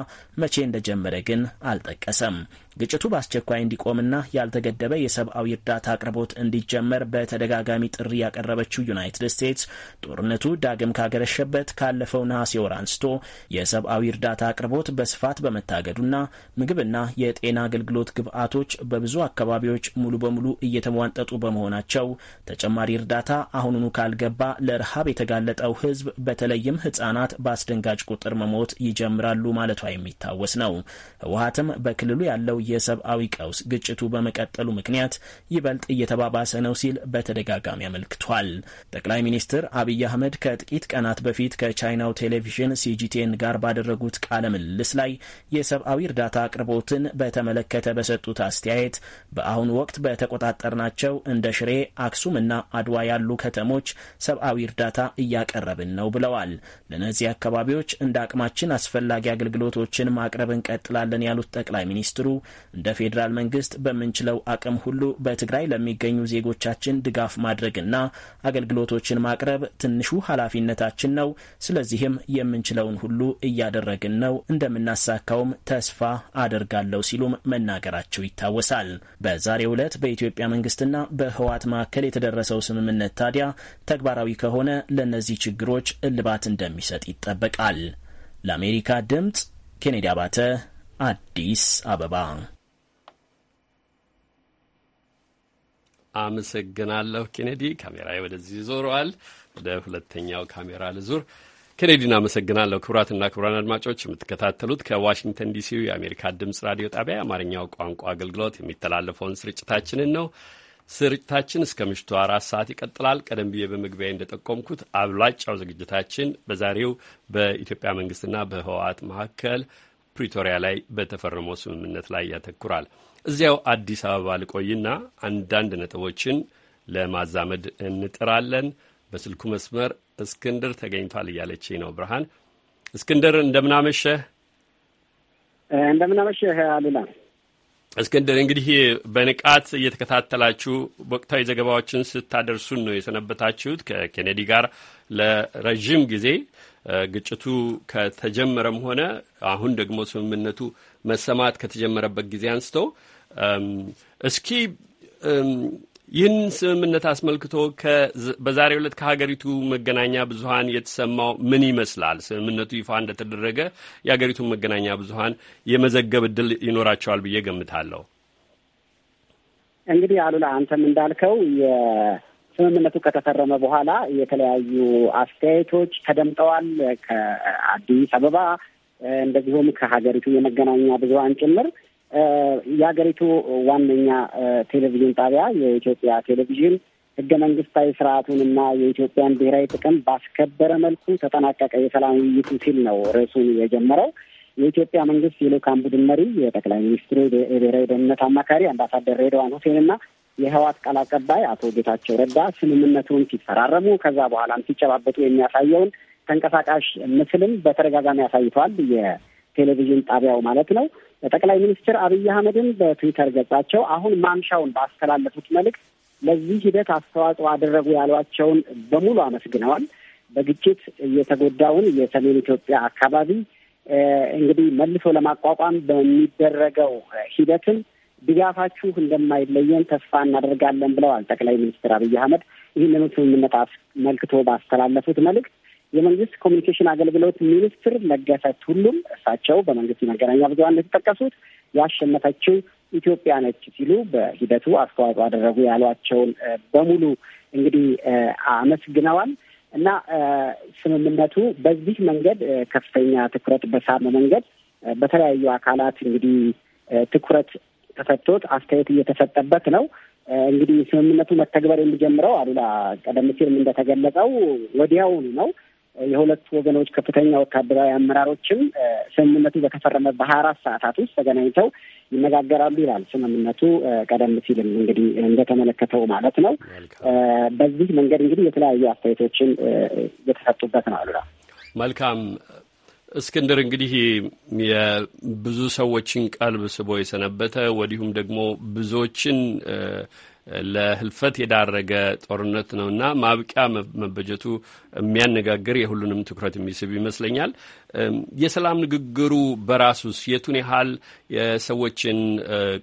መቼ እንደጀመረ ግን አልጠቀሰም። ግጭቱ በአስቸኳይ እንዲቆምና ያልተገደበ የሰብአዊ እርዳታ አቅርቦት እንዲጀመር በተደጋጋሚ ጥሪ ያቀረበችው ዩናይትድ ስቴትስ ጦርነቱ ዳግም ካገረሸበት ካለፈው ነሐሴ ወር አንስቶ የሰብአዊ እርዳታ አቅርቦት በስፋት በመታገዱና ምግብና የጤና አገልግሎት ግብዓቶች በብዙ አካባቢዎች ሙሉ በሙሉ እየተሟንጠጡ በመሆናቸው ተጨማሪ እርዳታ አሁኑኑ ካልገባ ለረሃብ የተጋለጠው ሕዝብ በተለይም ህጻናት በአስደንጋጭ ቁጥር መሞት ይጀምራሉ ማለቷ የሚታወስ ነው። ህወሀትም በክልሉ ያለው የሰብአዊ ቀውስ ግጭቱ በመቀጠሉ ምክንያት ይበልጥ እየተባባሰ ነው ሲል በተደጋጋሚ አመልክቷል። ጠቅላይ ሚኒስትር አብይ አህመድ ከጥቂት ቀናት በፊት ከቻይናው ቴሌቪዥን ሲጂቲኤን ጋር ባደረጉት ቃለ ምልልስ ላይ የሰብአዊ እርዳታ አቅርቦትን በተመለከተ በሰጡት አስተያየት በአሁኑ ወቅት በተቆጣጠርናቸው እንደ ሽሬ፣ አክሱም እና አድዋ ያሉ ከተሞች ሰብአዊ እርዳታ እያቀረብን ነው ብለዋል። ለእነዚህ አካባቢዎች እንደ አቅማችን አስፈላጊ አገልግሎቶችን ማቅረብ እንቀጥላለን ያሉት ጠቅላይ ሚኒስትሩ እንደ ፌዴራል መንግስት በምንችለው አቅም ሁሉ በትግራይ ለሚገኙ ዜጎቻችን ድጋፍ ማድረግና አገልግሎቶችን ማቅረብ ትንሹ ኃላፊነታችን ነው። ስለዚህም የምንችለውን ሁሉ እያደረግን ነው፣ እንደምናሳካውም ተስፋ አደርጋለሁ ሲሉም መናገራቸው ይታወሳል። በዛሬው ዕለት በኢትዮጵያ መንግስትና በህወሓት መካከል የተደረሰው ስምምነት ታዲያ ተግባራዊ ከሆነ ለእነዚህ ችግሮች እልባት እንደሚሰጥ ይጠበቃል። ለአሜሪካ ድምፅ ኬኔዲ አባተ አዲስ አበባ። አመሰግናለሁ ኬኔዲ። ካሜራ ወደዚህ ዞረዋል። ወደ ሁለተኛው ካሜራ ልዙር። ኬኔዲን አመሰግናለሁ። ክቡራትና ክቡራን አድማጮች የምትከታተሉት ከዋሽንግተን ዲሲ የአሜሪካ ድምጽ ራዲዮ ጣቢያ የአማርኛው ቋንቋ አገልግሎት የሚተላለፈውን ስርጭታችንን ነው። ስርጭታችን እስከ ምሽቱ አራት ሰዓት ይቀጥላል። ቀደም ብዬ በመግቢያ እንደጠቆምኩት አብላጫው ዝግጅታችን በዛሬው በኢትዮጵያ መንግስትና በህወሓት መካከል ፕሪቶሪያ ላይ በተፈረመው ስምምነት ላይ ያተኩራል። እዚያው አዲስ አበባ ልቆይና አንዳንድ ነጥቦችን ለማዛመድ እንጥራለን። በስልኩ መስመር እስክንድር ተገኝቷል እያለች ነው ብርሃን። እስክንድር እንደምናመሸህ። እንደምናመሸህ አሉላ። እስክንድር እንግዲህ በንቃት እየተከታተላችሁ ወቅታዊ ዘገባዎችን ስታደርሱን ነው የሰነበታችሁት ከኬኔዲ ጋር ለረዥም ጊዜ ግጭቱ ከተጀመረም ሆነ አሁን ደግሞ ስምምነቱ መሰማት ከተጀመረበት ጊዜ አንስቶ እስኪ ይህን ስምምነት አስመልክቶ በዛሬው ዕለት ከሀገሪቱ መገናኛ ብዙኃን የተሰማው ምን ይመስላል? ስምምነቱ ይፋ እንደተደረገ የሀገሪቱን መገናኛ ብዙኃን የመዘገብ እድል ይኖራቸዋል ብዬ ገምታለሁ። እንግዲህ አሉላ አንተም እንዳልከው ስምምነቱ ከተፈረመ በኋላ የተለያዩ አስተያየቶች ተደምጠዋል። ከአዲስ አበባ እንደዚሁም ከሀገሪቱ የመገናኛ ብዙሃን ጭምር የሀገሪቱ ዋነኛ ቴሌቪዥን ጣቢያ የኢትዮጵያ ቴሌቪዥን ህገ መንግስታዊ ስርዓቱንና የኢትዮጵያን ብሔራዊ ጥቅም ባስከበረ መልኩ ተጠናቀቀ የሰላም ውይይቱ ሲል ነው ርዕሱን የጀመረው። የኢትዮጵያ መንግስት የልዑካን ቡድን መሪ የጠቅላይ ሚኒስትሩ የብሔራዊ ደህንነት አማካሪ አምባሳደር ሬድዋን ሁሴንና የህዋት ቃል አቀባይ አቶ ጌታቸው ረዳ ስምምነቱን ሲፈራረሙ ከዛ በኋላም ሲጨባበጡ የሚያሳየውን ተንቀሳቃሽ ምስልም በተደጋጋሚ አሳይቷል። የቴሌቪዥን ጣቢያው ማለት ነው። ጠቅላይ ሚኒስትር አብይ አህመድን በትዊተር ገጻቸው አሁን ማምሻውን ባስተላለፉት መልእክት ለዚህ ሂደት አስተዋጽኦ አደረጉ ያሏቸውን በሙሉ አመስግነዋል። በግጭት የተጎዳውን የሰሜን ኢትዮጵያ አካባቢ እንግዲህ መልሶ ለማቋቋም በሚደረገው ሂደትም ድጋፋችሁ እንደማይለየን ተስፋ እናደርጋለን ብለዋል ጠቅላይ ሚኒስትር አብይ አህመድ። ይህንኑ ስምምነት አስመልክቶ ባስተላለፉት መልእክት የመንግስት ኮሚኒኬሽን አገልግሎት ሚኒስትር ለገሰ ቱሉም እሳቸው በመንግስት መገናኛ ብዙኃን እንደተጠቀሱት ያሸነፈችው ኢትዮጵያ ነች ሲሉ በሂደቱ አስተዋጽኦ አደረጉ ያሏቸውን በሙሉ እንግዲህ አመስግነዋል። እና ስምምነቱ በዚህ መንገድ ከፍተኛ ትኩረት በሳበ መንገድ በተለያዩ አካላት እንግዲህ ትኩረት ተፈቶት አስተያየት እየተሰጠበት ነው። እንግዲህ ስምምነቱ መተግበር የሚጀምረው አሉላ ቀደም ሲልም እንደተገለጸው ወዲያውኑ ነው። የሁለቱ ወገኖች ከፍተኛ ወታደራዊ አመራሮችም ስምምነቱ በተፈረመ በሀያ አራት ሰዓታት ውስጥ ተገናኝተው ይነጋገራሉ ይላል ስምምነቱ። ቀደም ሲልም እንግዲህ እንደተመለከተው ማለት ነው። በዚህ መንገድ እንግዲህ የተለያዩ አስተያየቶችን እየተሰጡበት ነው አሉላ። መልካም እስክንድር እንግዲህ የብዙ ሰዎችን ቀልብ ስቦ የሰነበተ ወዲሁም ደግሞ ብዙዎችን ለህልፈት የዳረገ ጦርነት ነውና ማብቂያ መበጀቱ የሚያነጋግር የሁሉንም ትኩረት የሚስብ ይመስለኛል። የሰላም ንግግሩ በራሱስ የቱን ያህል የሰዎችን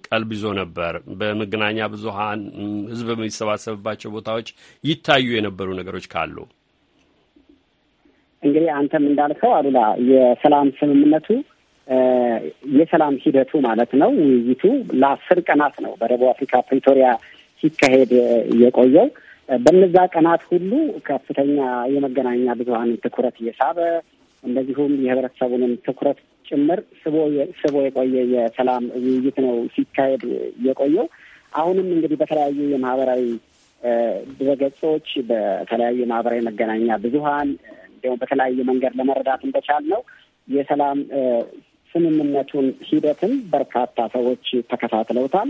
ቀልብ ይዞ ነበር? በመገናኛ ብዙሃን ህዝብ በሚሰባሰብባቸው ቦታዎች ይታዩ የነበሩ ነገሮች ካሉ እንግዲህ አንተም እንዳልከው አሉላ የሰላም ስምምነቱ የሰላም ሂደቱ ማለት ነው። ውይይቱ ለአስር ቀናት ነው በደቡብ አፍሪካ ፕሪቶሪያ ሲካሄድ የቆየው። በነዛ ቀናት ሁሉ ከፍተኛ የመገናኛ ብዙኃንን ትኩረት እየሳበ እንደዚሁም የህብረተሰቡንም ትኩረት ጭምር ስቦ ስቦ የቆየ የሰላም ውይይት ነው ሲካሄድ የቆየው። አሁንም እንግዲህ በተለያዩ የማህበራዊ ድረገጾች፣ በተለያዩ የማህበራዊ መገናኛ ብዙኃን ጥያቄው በተለያየ መንገድ ለመረዳት ነው የሰላም ስምምነቱን ሂደትን በርካታ ሰዎች ተከታትለውታል።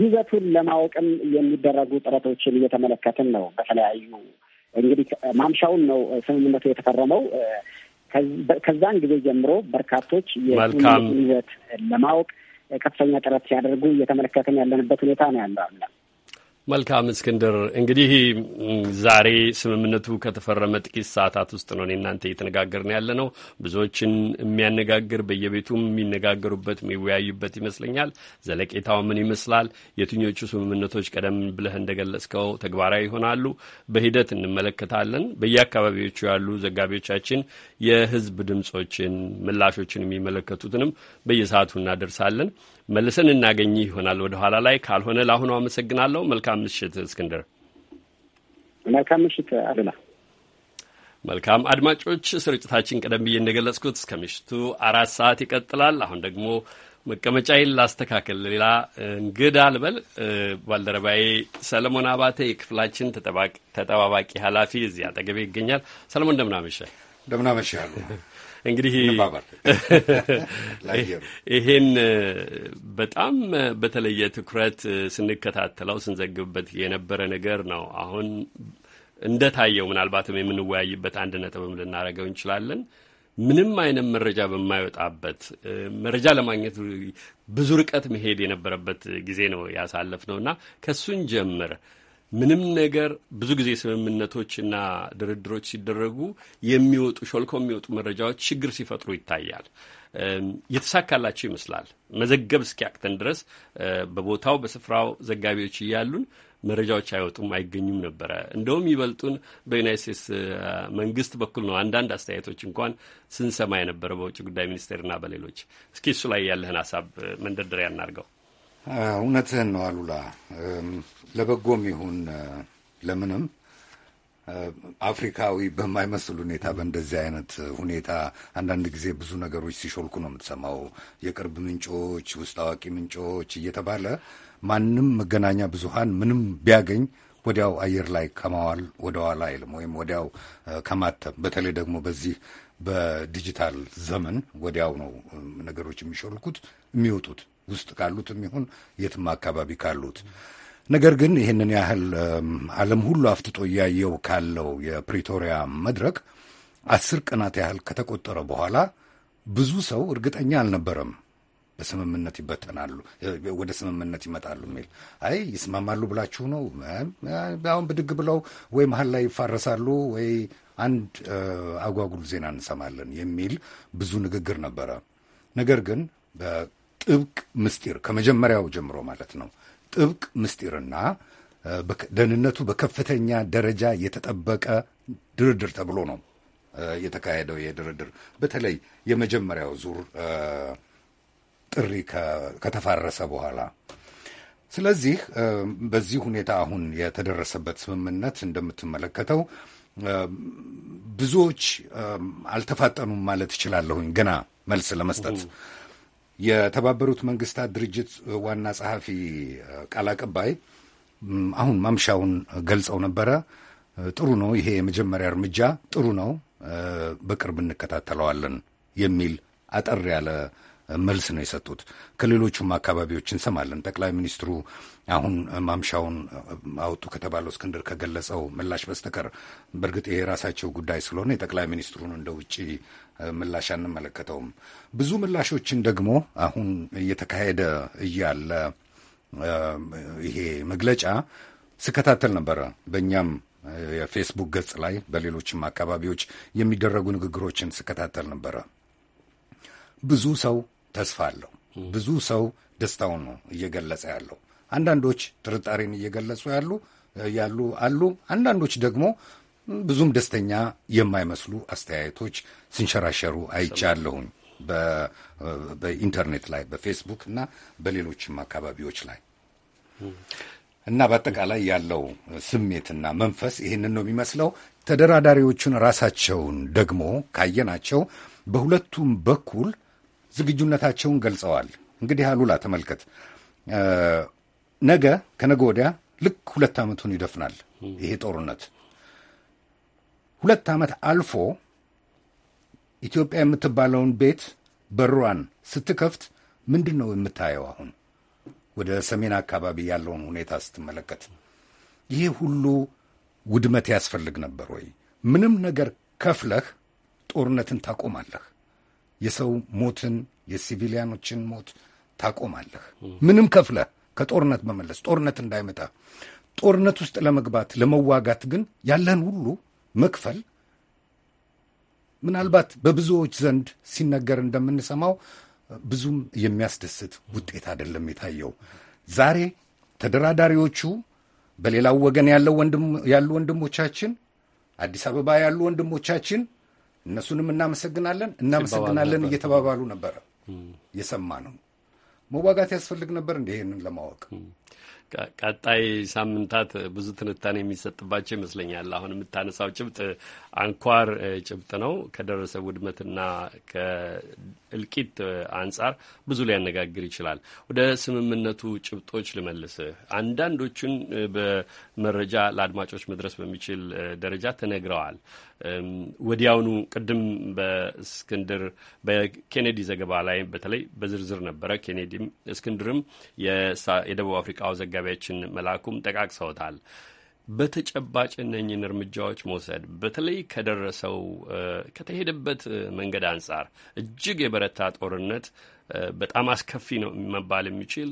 ይዘቱን ለማወቅም የሚደረጉ ጥረቶችን እየተመለከትን ነው። በተለያዩ እንግዲህ ማምሻውን ነው ስምምነቱ የተፈረመው። ከዛን ጊዜ ጀምሮ በርካቶች የስምምነቱን ይዘት ለማወቅ ከፍተኛ ጥረት ሲያደርጉ እየተመለከትን ያለንበት ሁኔታ ነው ያለው። መልካም እስክንድር፣ እንግዲህ ዛሬ ስምምነቱ ከተፈረመ ጥቂት ሰዓታት ውስጥ ነው እናንተ እየተነጋገርን ያለ ነው። ብዙዎችን የሚያነጋግር በየቤቱም የሚነጋገሩበት የሚወያዩበት ይመስለኛል። ዘለቄታው ምን ይመስላል? የትኞቹ ስምምነቶች ቀደም ብለህ እንደገለጽከው ተግባራዊ ይሆናሉ? በሂደት እንመለከታለን። በየአካባቢዎቹ ያሉ ዘጋቢዎቻችን የህዝብ ድምጾችን ምላሾችን የሚመለከቱትንም በየሰዓቱ እናደርሳለን። መልሰን እናገኝ ይሆናል ወደ ኋላ ላይ። ካልሆነ ለአሁኑ አመሰግናለሁ። መልካም ምሽት እስክንድር። መልካም ምሽት አሉላ። መልካም አድማጮች፣ ስርጭታችን ቀደም ብዬ እንደገለጽኩት እስከ ምሽቱ አራት ሰዓት ይቀጥላል። አሁን ደግሞ መቀመጫዬን ላስተካከል፣ ሌላ እንግዳ ልበል። ባልደረባዬ ሰለሞን አባተ የክፍላችን ተጠባባቂ ኃላፊ እዚህ አጠገቤ ይገኛል። ሰለሞን እንደምናመሸ እንደምናመሸ አሉ እንግዲህ ይሄን በጣም በተለየ ትኩረት ስንከታተለው ስንዘግብበት የነበረ ነገር ነው። አሁን እንደታየው ምናልባትም የምንወያይበት አንድ ነጥብም ልናደርገው እንችላለን። ምንም አይነት መረጃ በማይወጣበት መረጃ ለማግኘት ብዙ ርቀት መሄድ የነበረበት ጊዜ ነው ያሳለፍ ነው እና ከእሱን ጀምር ምንም ነገር ብዙ ጊዜ ስምምነቶችና ድርድሮች ሲደረጉ የሚወጡ ሾልኮ የሚወጡ መረጃዎች ችግር ሲፈጥሩ ይታያል። የተሳካላቸው ይመስላል። መዘገብ እስኪያቅተን ድረስ በቦታው በስፍራው ዘጋቢዎች እያሉን መረጃዎች አይወጡም፣ አይገኙም ነበረ። እንደውም ይበልጡን በዩናይት ስቴትስ መንግስት በኩል ነው አንዳንድ አስተያየቶች እንኳን ስንሰማ የነበረ በውጭ ጉዳይ ሚኒስቴርና በሌሎች። እስኪ እሱ ላይ ያለህን ሀሳብ መንደርደሪያ እናርገው። እውነትህን ነው አሉላ። ለበጎም ይሁን ለምንም አፍሪካዊ በማይመስል ሁኔታ በእንደዚህ አይነት ሁኔታ አንዳንድ ጊዜ ብዙ ነገሮች ሲሾልኩ ነው የምትሰማው። የቅርብ ምንጮች፣ ውስጥ አዋቂ ምንጮች እየተባለ ማንም መገናኛ ብዙሃን ምንም ቢያገኝ ወዲያው አየር ላይ ከማዋል ወደኋላ አይልም፣ ወይም ወዲያው ከማተም። በተለይ ደግሞ በዚህ በዲጂታል ዘመን ወዲያው ነው ነገሮች የሚሾልኩት የሚወጡት። ውስጥ ካሉትም ይሁን የትም አካባቢ ካሉት ነገር ግን ይህንን ያህል ዓለም ሁሉ አፍትጦ እያየው ካለው የፕሪቶሪያ መድረክ አስር ቀናት ያህል ከተቆጠረ በኋላ ብዙ ሰው እርግጠኛ አልነበረም። በስምምነት ይበተናሉ፣ ወደ ስምምነት ይመጣሉ የሚል አይ ይስማማሉ ብላችሁ ነው አሁን ብድግ ብለው ወይ መሀል ላይ ይፋረሳሉ ወይ አንድ አጓጉል ዜና እንሰማለን የሚል ብዙ ንግግር ነበረ። ነገር ግን ጥብቅ ምስጢር ከመጀመሪያው ጀምሮ ማለት ነው። ጥብቅ ምስጢርና ደህንነቱ በከፍተኛ ደረጃ የተጠበቀ ድርድር ተብሎ ነው የተካሄደው። የድርድር በተለይ የመጀመሪያው ዙር ጥሪ ከተፋረሰ በኋላ ስለዚህ በዚህ ሁኔታ አሁን የተደረሰበት ስምምነት እንደምትመለከተው ብዙዎች አልተፋጠኑም ማለት እችላለሁኝ፣ ገና መልስ ለመስጠት የተባበሩት መንግስታት ድርጅት ዋና ጸሐፊ ቃል አቀባይ አሁን ማምሻውን ገልጸው ነበረ። ጥሩ ነው፣ ይሄ የመጀመሪያ እርምጃ ጥሩ ነው፣ በቅርብ እንከታተለዋለን የሚል አጠር ያለ መልስ ነው የሰጡት። ከሌሎቹም አካባቢዎች እንሰማለን። ጠቅላይ ሚኒስትሩ አሁን ማምሻውን አወጡ ከተባለው እስክንድር ከገለጸው ምላሽ በስተቀር በእርግጥ የራሳቸው ጉዳይ ስለሆነ የጠቅላይ ሚኒስትሩን እንደ ውጭ ምላሽ አንመለከተውም። ብዙ ምላሾችን ደግሞ አሁን እየተካሄደ እያለ ይሄ መግለጫ ስከታተል ነበረ በእኛም የፌስቡክ ገጽ ላይ በሌሎችም አካባቢዎች የሚደረጉ ንግግሮችን ስከታተል ነበረ። ብዙ ሰው ተስፋ አለው። ብዙ ሰው ደስታውን ነው እየገለጸ ያለው። አንዳንዶች ጥርጣሬን እየገለጹ ያሉ ያሉ አሉ። አንዳንዶች ደግሞ ብዙም ደስተኛ የማይመስሉ አስተያየቶች ሲንሸራሸሩ አይቻለሁኝ በኢንተርኔት ላይ በፌስቡክ እና በሌሎችም አካባቢዎች ላይ እና በአጠቃላይ ያለው ስሜትና መንፈስ ይህንን ነው የሚመስለው። ተደራዳሪዎቹን ራሳቸውን ደግሞ ካየናቸው በሁለቱም በኩል ዝግጁነታቸውን ገልጸዋል። እንግዲህ አሉላ ተመልከት፣ ነገ ከነገ ወዲያ ልክ ሁለት ዓመቱን ይደፍናል ይሄ ጦርነት። ሁለት ዓመት አልፎ ኢትዮጵያ የምትባለውን ቤት በሯን ስትከፍት ምንድን ነው የምታየው? አሁን ወደ ሰሜን አካባቢ ያለውን ሁኔታ ስትመለከት ይሄ ሁሉ ውድመት ያስፈልግ ነበር ወይ? ምንም ነገር ከፍለህ ጦርነትን ታቆማለህ። የሰው ሞትን የሲቪሊያኖችን ሞት ታቆማለህ። ምንም ከፍለህ ከጦርነት መመለስ ጦርነት እንዳይመጣ ጦርነት ውስጥ ለመግባት ለመዋጋት ግን ያለህን ሁሉ መክፈል ምናልባት በብዙዎች ዘንድ ሲነገር እንደምንሰማው ብዙም የሚያስደስት ውጤት አይደለም የታየው። ዛሬ ተደራዳሪዎቹ በሌላው ወገን ያሉ ወንድሞቻችን፣ አዲስ አበባ ያሉ ወንድሞቻችን እነሱንም እናመሰግናለን እናመሰግናለን እየተባባሉ ነበረ የሰማ ነው። መዋጋት ያስፈልግ ነበር እንዲህ ይህንን ለማወቅ ቀጣይ ሳምንታት ብዙ ትንታኔ የሚሰጥባቸው ይመስለኛል። አሁን የምታነሳው ጭብጥ አንኳር ጭብጥ ነው። ከደረሰ ውድመትና ከእልቂት አንጻር ብዙ ሊያነጋግር ይችላል። ወደ ስምምነቱ ጭብጦች ልመልስ። አንዳንዶቹን በመረጃ ለአድማጮች መድረስ በሚችል ደረጃ ተነግረዋል። ወዲያውኑ ቅድም በእስክንድር በኬኔዲ ዘገባ ላይ በተለይ በዝርዝር ነበረ። ኬኔዲም እስክንድርም የደቡብ አፍሪካው ዘጋቢያችን መላኩም ጠቃቅሰውታል። በተጨባጭ እነኝን እርምጃዎች መውሰድ በተለይ ከደረሰው ከተሄደበት መንገድ አንጻር እጅግ የበረታ ጦርነት በጣም አስከፊ ነው መባል የሚችል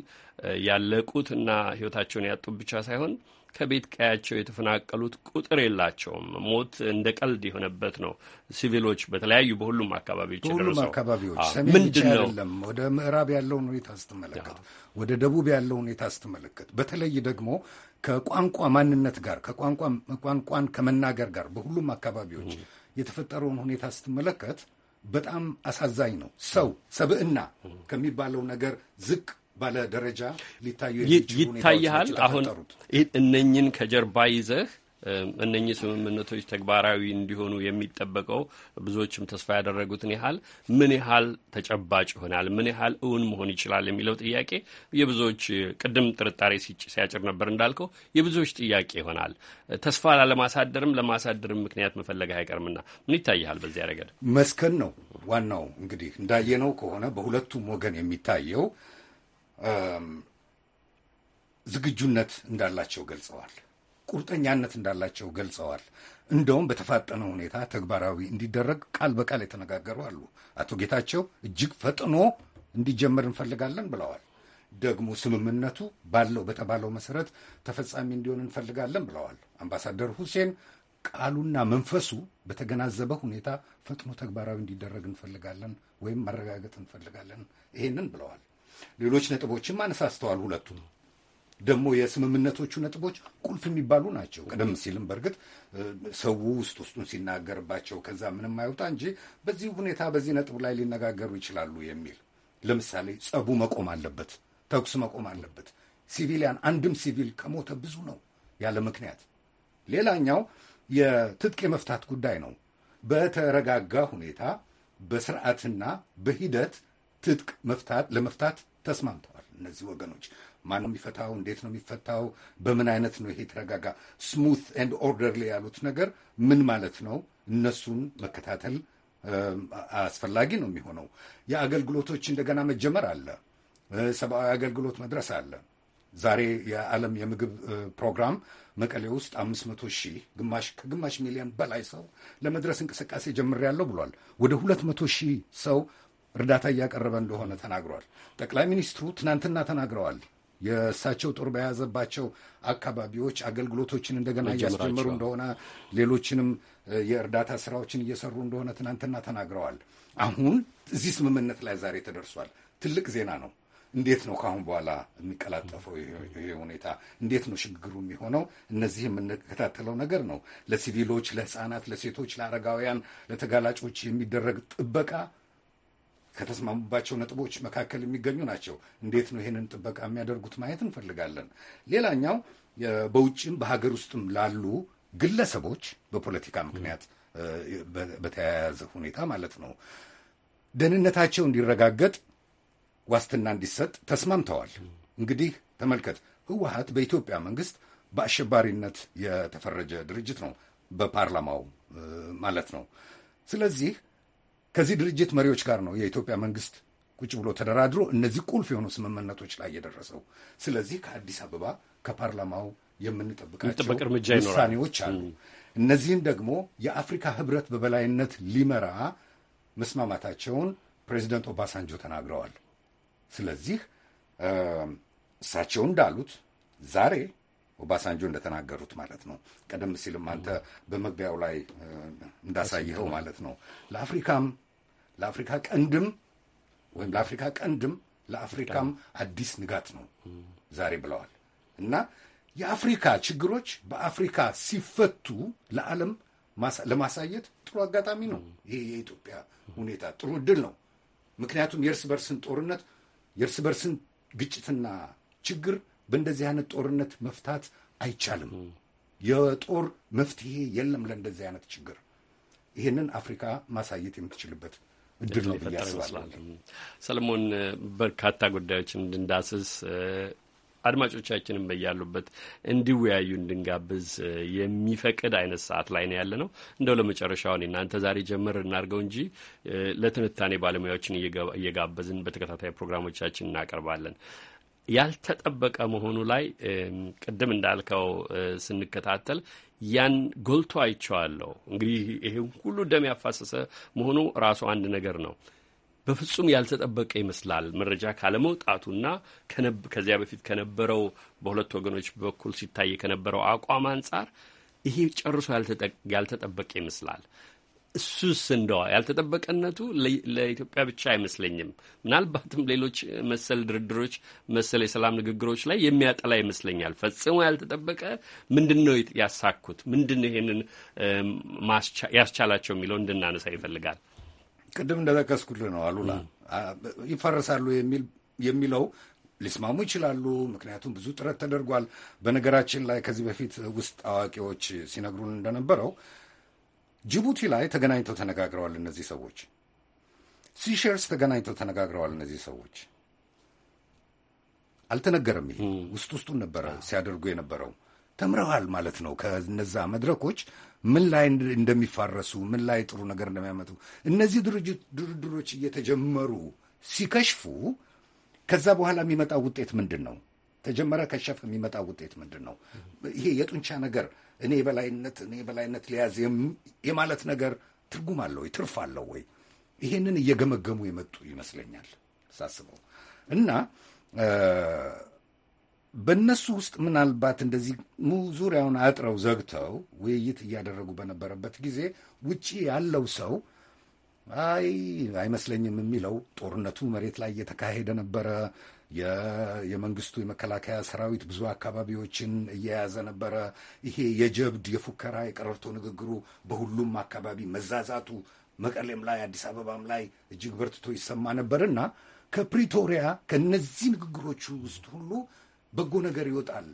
ያለቁትና ህይወታቸውን ያጡ ብቻ ሳይሆን ከቤት ቀያቸው የተፈናቀሉት ቁጥር የላቸውም። ሞት እንደ ቀልድ የሆነበት ነው። ሲቪሎች በተለያዩ በሁሉም አካባቢዎች በሁሉም አካባቢዎች ሰሜን አይደለም። ወደ ምዕራብ ያለውን ሁኔታ ስትመለከት፣ ወደ ደቡብ ያለው ሁኔታ ስትመለከት፣ በተለይ ደግሞ ከቋንቋ ማንነት ጋር ቋንቋን ከመናገር ጋር በሁሉም አካባቢዎች የተፈጠረውን ሁኔታ ስትመለከት በጣም አሳዛኝ ነው። ሰው ሰብዕና ከሚባለው ነገር ዝቅ ባለ ደረጃ ሊታዩ ይታይሃል። አሁን እነኝን ከጀርባ ይዘህ እነኚህ ስምምነቶች ተግባራዊ እንዲሆኑ የሚጠበቀው ብዙዎችም ተስፋ ያደረጉትን ያህል ምን ያህል ተጨባጭ ይሆናል፣ ምን ያህል እውን መሆን ይችላል የሚለው ጥያቄ የብዙዎች ቅድም ጥርጣሬ ሲያጭር ነበር እንዳልከው የብዙዎች ጥያቄ ይሆናል። ተስፋ ላለማሳደርም ለማሳደርም ምክንያት መፈለግ አይቀርምና ምን ይታይሃል? በዚያ ረገድ መስከን ነው ዋናው። እንግዲህ እንዳየነው ከሆነ በሁለቱም ወገን የሚታየው ዝግጁነት እንዳላቸው ገልጸዋል። ቁርጠኛነት እንዳላቸው ገልጸዋል። እንደውም በተፋጠነ ሁኔታ ተግባራዊ እንዲደረግ ቃል በቃል የተነጋገሩ አሉ። አቶ ጌታቸው እጅግ ፈጥኖ እንዲጀመር እንፈልጋለን ብለዋል። ደግሞ ስምምነቱ ባለው በተባለው መሰረት ተፈጻሚ እንዲሆን እንፈልጋለን ብለዋል። አምባሳደር ሁሴን ቃሉና መንፈሱ በተገናዘበ ሁኔታ ፈጥኖ ተግባራዊ እንዲደረግ እንፈልጋለን ወይም ማረጋገጥ እንፈልጋለን ይሄንን ብለዋል። ሌሎች ነጥቦችም አነሳስተዋል ሁለቱም ደግሞ የስምምነቶቹ ነጥቦች ቁልፍ የሚባሉ ናቸው። ቀደም ሲልም በእርግጥ ሰው ውስጥ ውስጡን ሲናገርባቸው ከዛ ምንም አይወጣ እንጂ በዚህ ሁኔታ በዚህ ነጥብ ላይ ሊነጋገሩ ይችላሉ የሚል ለምሳሌ ጸቡ መቆም አለበት፣ ተኩስ መቆም አለበት። ሲቪሊያን አንድም ሲቪል ከሞተ ብዙ ነው ያለ ምክንያት። ሌላኛው የትጥቅ የመፍታት ጉዳይ ነው። በተረጋጋ ሁኔታ በስርዓትና በሂደት ትጥቅ መፍታት ለመፍታት ተስማምተዋል እነዚህ ወገኖች። ማን ነው የሚፈታው? እንዴት ነው የሚፈታው? በምን አይነት ነው ይሄ ተረጋጋ ስሙት ኤንድ ኦርደርሊ ያሉት ነገር ምን ማለት ነው? እነሱን መከታተል አስፈላጊ ነው የሚሆነው። የአገልግሎቶች እንደገና መጀመር አለ። ሰብአዊ አገልግሎት መድረስ አለ። ዛሬ የዓለም የምግብ ፕሮግራም መቀሌ ውስጥ አምስት መቶ ሺህ ግማሽ ከግማሽ ሚሊዮን በላይ ሰው ለመድረስ እንቅስቃሴ ጀምሬያለሁ ብሏል። ወደ ሁለት መቶ ሺህ ሰው እርዳታ እያቀረበ እንደሆነ ተናግሯል። ጠቅላይ ሚኒስትሩ ትናንትና ተናግረዋል። የእሳቸው ጦር በያዘባቸው አካባቢዎች አገልግሎቶችን እንደገና እያስጀመሩ እንደሆነ፣ ሌሎችንም የእርዳታ ስራዎችን እየሰሩ እንደሆነ ትናንትና ተናግረዋል። አሁን እዚህ ስምምነት ላይ ዛሬ ተደርሷል። ትልቅ ዜና ነው። እንዴት ነው ከአሁን በኋላ የሚቀላጠፈው ይሄ ሁኔታ? እንዴት ነው ሽግግሩ የሚሆነው? እነዚህ የምንከታተለው ነገር ነው። ለሲቪሎች፣ ለህፃናት፣ ለሴቶች፣ ለአረጋውያን፣ ለተጋላጮች የሚደረግ ጥበቃ ከተስማሙባቸው ነጥቦች መካከል የሚገኙ ናቸው። እንዴት ነው ይህንን ጥበቃ የሚያደርጉት ማየት እንፈልጋለን። ሌላኛው በውጭም በሀገር ውስጥም ላሉ ግለሰቦች በፖለቲካ ምክንያት በተያያዘ ሁኔታ ማለት ነው ደህንነታቸው እንዲረጋገጥ ዋስትና እንዲሰጥ ተስማምተዋል። እንግዲህ ተመልከት፣ ህወሀት በኢትዮጵያ መንግስት በአሸባሪነት የተፈረጀ ድርጅት ነው፣ በፓርላማው ማለት ነው። ስለዚህ ከዚህ ድርጅት መሪዎች ጋር ነው የኢትዮጵያ መንግስት ቁጭ ብሎ ተደራድሮ እነዚህ ቁልፍ የሆኑ ስምምነቶች ላይ የደረሰው። ስለዚህ ከአዲስ አበባ ከፓርላማው የምንጠብቃቸው ውሳኔዎች አሉ። እነዚህም ደግሞ የአፍሪካ ህብረት በበላይነት ሊመራ መስማማታቸውን ፕሬዚደንት ኦባሳንጆ ተናግረዋል። ስለዚህ እሳቸው እንዳሉት ዛሬ ኦባሳንጆ እንደተናገሩት ማለት ነው። ቀደም ሲልም አንተ በመግቢያው ላይ እንዳሳየኸው ማለት ነው ለአፍሪካም ለአፍሪካ ቀንድም ወይም ለአፍሪካ ቀንድም ለአፍሪካም አዲስ ንጋት ነው ዛሬ ብለዋል እና የአፍሪካ ችግሮች በአፍሪካ ሲፈቱ ለዓለም ለማሳየት ጥሩ አጋጣሚ ነው። ይህ የኢትዮጵያ ሁኔታ ጥሩ እድል ነው። ምክንያቱም የእርስ በርስን ጦርነት የእርስ በርስን ግጭትና ችግር በእንደዚህ አይነት ጦርነት መፍታት አይቻልም። የጦር መፍትሄ የለም ለእንደዚህ አይነት ችግር። ይህንን አፍሪካ ማሳየት የምትችልበት እድል ነው ብዬ አስባለሁ። ሰለሞን፣ በርካታ ጉዳዮችን እንድንዳስስ አድማጮቻችንም በያሉበት እንዲወያዩ እንድንጋብዝ የሚፈቅድ አይነት ሰዓት ላይ ነው ያለ ነው። እንደው ለመጨረሻው እናንተ ዛሬ ጀምር እናድርገው እንጂ ለትንታኔ ባለሙያዎችን እየጋበዝን በተከታታይ ፕሮግራሞቻችን እናቀርባለን። ያልተጠበቀ መሆኑ ላይ ቅድም እንዳልከው ስንከታተል ያን ጎልቶ አይቼዋለሁ። እንግዲህ ይሄ ሁሉ ደም ያፋሰሰ መሆኑ ራሱ አንድ ነገር ነው። በፍጹም ያልተጠበቀ ይመስላል መረጃ ካለመውጣቱና ከዚያ በፊት ከነበረው በሁለት ወገኖች በኩል ሲታይ ከነበረው አቋም አንጻር ይሄ ጨርሶ ያልተጠበቀ ይመስላል። እሱስ እንደዋ ያልተጠበቀነቱ ለኢትዮጵያ ብቻ አይመስለኝም። ምናልባትም ሌሎች መሰል ድርድሮች፣ መሰል የሰላም ንግግሮች ላይ የሚያጠላ ይመስለኛል። ፈጽሞ ያልተጠበቀ ምንድን ነው ያሳኩት፣ ምንድን ነው ይሄንን ያስቻላቸው የሚለው እንድናነሳ ይፈልጋል። ቅድም እንደጠቀስኩልህ ነው አሉላ ይፈርሳሉ የሚለው ሊስማሙ ይችላሉ። ምክንያቱም ብዙ ጥረት ተደርጓል። በነገራችን ላይ ከዚህ በፊት ውስጥ አዋቂዎች ሲነግሩን እንደነበረው ጅቡቲ ላይ ተገናኝተው ተነጋግረዋል። እነዚህ ሰዎች ሲሸርስ ተገናኝተው ተነጋግረዋል። እነዚህ ሰዎች አልተነገረም። ይሄ ውስጥ ውስጡን ነበረ ሲያደርጉ የነበረው ተምረዋል ማለት ነው። ከነዛ መድረኮች ምን ላይ እንደሚፋረሱ፣ ምን ላይ ጥሩ ነገር እንደሚያመጡ እነዚህ ድርጅት ድርድሮች እየተጀመሩ ሲከሽፉ ከዛ በኋላ የሚመጣው ውጤት ምንድን ነው? ተጀመረ፣ ከሸፈ፣ የሚመጣው ውጤት ምንድን ነው? ይሄ የጡንቻ ነገር እኔ የበላይነት እኔ የበላይነት ሊያዝ የማለት ነገር ትርጉም አለው ወይ ትርፍ አለው ወይ? ይሄንን እየገመገሙ የመጡ ይመስለኛል ሳስበው እና በእነሱ ውስጥ ምናልባት እንደዚህ ዙሪያውን አጥረው ዘግተው ውይይት እያደረጉ በነበረበት ጊዜ ውጪ ያለው ሰው አይ አይመስለኝም የሚለው ጦርነቱ መሬት ላይ እየተካሄደ ነበረ። የመንግስቱ የመከላከያ ሰራዊት ብዙ አካባቢዎችን እየያዘ ነበረ። ይሄ የጀብድ የፉከራ የቀረርቶ ንግግሩ በሁሉም አካባቢ መዛዛቱ መቀሌም ላይ አዲስ አበባም ላይ እጅግ በርትቶ ይሰማ ነበርና ከፕሪቶሪያ ከነዚህ ንግግሮች ውስጥ ሁሉ በጎ ነገር ይወጣል፣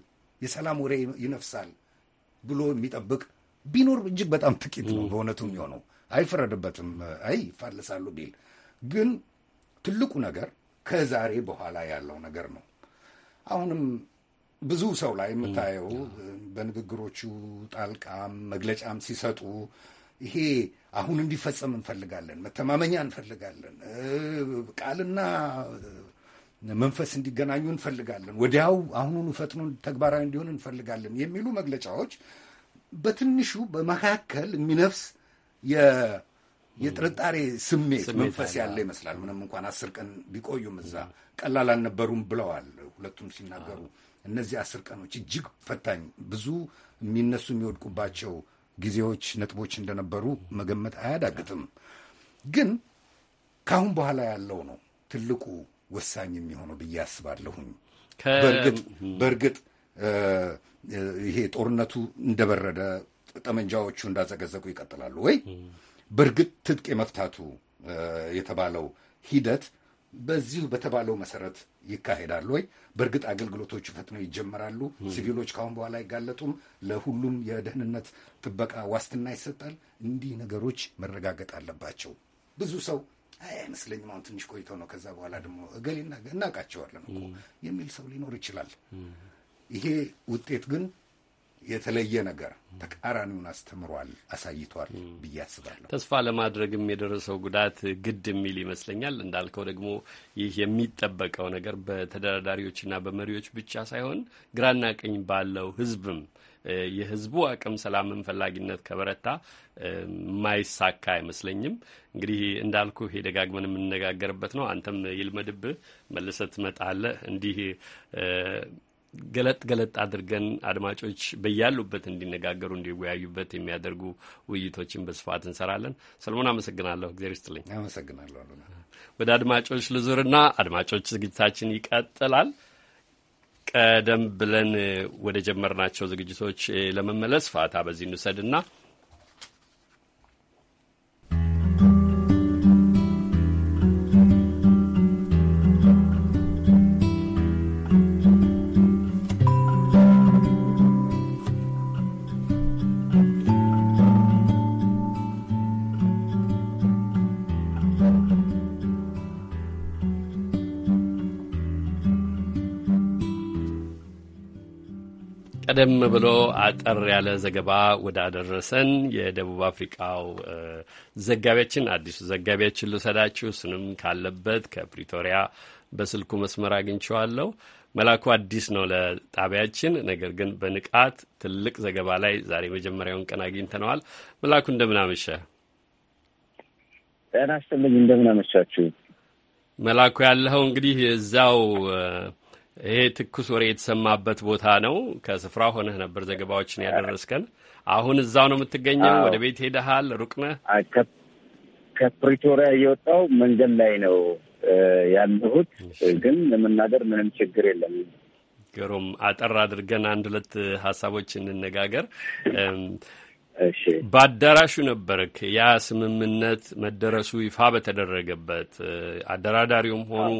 የሰላም ወሬ ይነፍሳል ብሎ የሚጠብቅ ቢኖር እጅግ በጣም ጥቂት ነው በእውነቱ የሚሆነው። አይፈረድበትም። አይ ይፋለሳሉ ቢል ግን ትልቁ ነገር ከዛሬ በኋላ ያለው ነገር ነው። አሁንም ብዙ ሰው ላይ የምታየው በንግግሮቹ ጣልቃም መግለጫም ሲሰጡ ይሄ አሁን እንዲፈጸም እንፈልጋለን፣ መተማመኛ እንፈልጋለን፣ ቃልና መንፈስ እንዲገናኙ እንፈልጋለን፣ ወዲያው አሁኑን ፈጥኖ ተግባራዊ እንዲሆን እንፈልጋለን የሚሉ መግለጫዎች በትንሹ በመካከል የሚነፍስ የጥርጣሬ ስሜት መንፈስ ያለ ይመስላል። ምንም እንኳን አስር ቀን ቢቆዩም እዛ ቀላል አልነበሩም ብለዋል ሁለቱም ሲናገሩ። እነዚህ አስር ቀኖች እጅግ ፈታኝ፣ ብዙ የሚነሱ የሚወድቁባቸው ጊዜዎች፣ ነጥቦች እንደነበሩ መገመት አያዳግትም። ግን ከአሁን በኋላ ያለው ነው ትልቁ ወሳኝ የሚሆነው ብዬ አስባለሁኝ። በእርግጥ ይሄ ጦርነቱ እንደበረደ ጠመንጃዎቹ እንዳዘገዘቁ ይቀጥላሉ ወይ? በእርግጥ ትጥቅ የመፍታቱ የተባለው ሂደት በዚሁ በተባለው መሰረት ይካሄዳል ወይ? በእርግጥ አገልግሎቶቹ ፈጥነው ይጀመራሉ? ሲቪሎች ከአሁን በኋላ አይጋለጡም? ለሁሉም የደህንነት ጥበቃ ዋስትና ይሰጣል? እንዲህ ነገሮች መረጋገጥ አለባቸው። ብዙ ሰው አይ አይመስለኝም፣ አሁን ትንሽ ቆይተው ነው ከዛ በኋላ ደግሞ እገሌ እናውቃቸዋለን እኮ የሚል ሰው ሊኖር ይችላል። ይሄ ውጤት ግን የተለየ ነገር ተቃራኒውን አስተምሯል፣ አሳይቷል ብዬ አስባለሁ። ተስፋ ለማድረግም የደረሰው ጉዳት ግድ የሚል ይመስለኛል። እንዳልከው ደግሞ ይህ የሚጠበቀው ነገር በተደራዳሪዎችና በመሪዎች ብቻ ሳይሆን ግራና ቀኝ ባለው ህዝብም የህዝቡ አቅም ሰላምን ፈላጊነት ከበረታ ማይሳካ አይመስለኝም። እንግዲህ እንዳልኩ ይሄ ደጋግመን የምንነጋገርበት ነው። አንተም ይልመድብህ መልሰህ ትመጣለህ። እንዲህ ገለጥ ገለጥ አድርገን አድማጮች በያሉበት እንዲነጋገሩ እንዲወያዩበት የሚያደርጉ ውይይቶችን በስፋት እንሰራለን። ሰለሞን አመሰግናለሁ። እግዜር ይስጥልኝ። አመሰግናለሁ። ወደ አድማጮች ልዙርና አድማጮች ዝግጅታችን ይቀጥላል። ቀደም ብለን ወደ ጀመርናቸው ዝግጅቶች ለመመለስ ፋታ በዚህ እንውሰድና ቀደም ብሎ አጠር ያለ ዘገባ ወዳደረሰን የደቡብ አፍሪቃው ዘጋቢያችን አዲሱ ዘጋቢያችን ልውሰዳችሁ። እሱንም ካለበት ከፕሪቶሪያ በስልኩ መስመር አግኝቼዋለሁ። መላኩ አዲስ ነው ለጣቢያችን። ነገር ግን በንቃት ትልቅ ዘገባ ላይ ዛሬ መጀመሪያውን ቀን አግኝተነዋል። መላኩ አመሸ? ጤና ይስጥልኝ። እንደምናመሻችሁ መላኩ። ያለኸው እንግዲህ እዛው ይሄ ትኩስ ወሬ የተሰማበት ቦታ ነው። ከስፍራ ሆነህ ነበር ዘገባዎችን ያደረስከን። አሁን እዛው ነው የምትገኘው? ወደ ቤት ሄደሃል? ሩቅ ነህ? ከፕሪቶሪያ እየወጣው መንገድ ላይ ነው ያለሁት፣ ግን ለመናገር ምንም ችግር የለም። ግሩም። አጠር አድርገን አንድ ሁለት ሀሳቦች እንነጋገር። በአዳራሹ ነበርክ። ያ ስምምነት መደረሱ ይፋ በተደረገበት አደራዳሪውም ሆኑ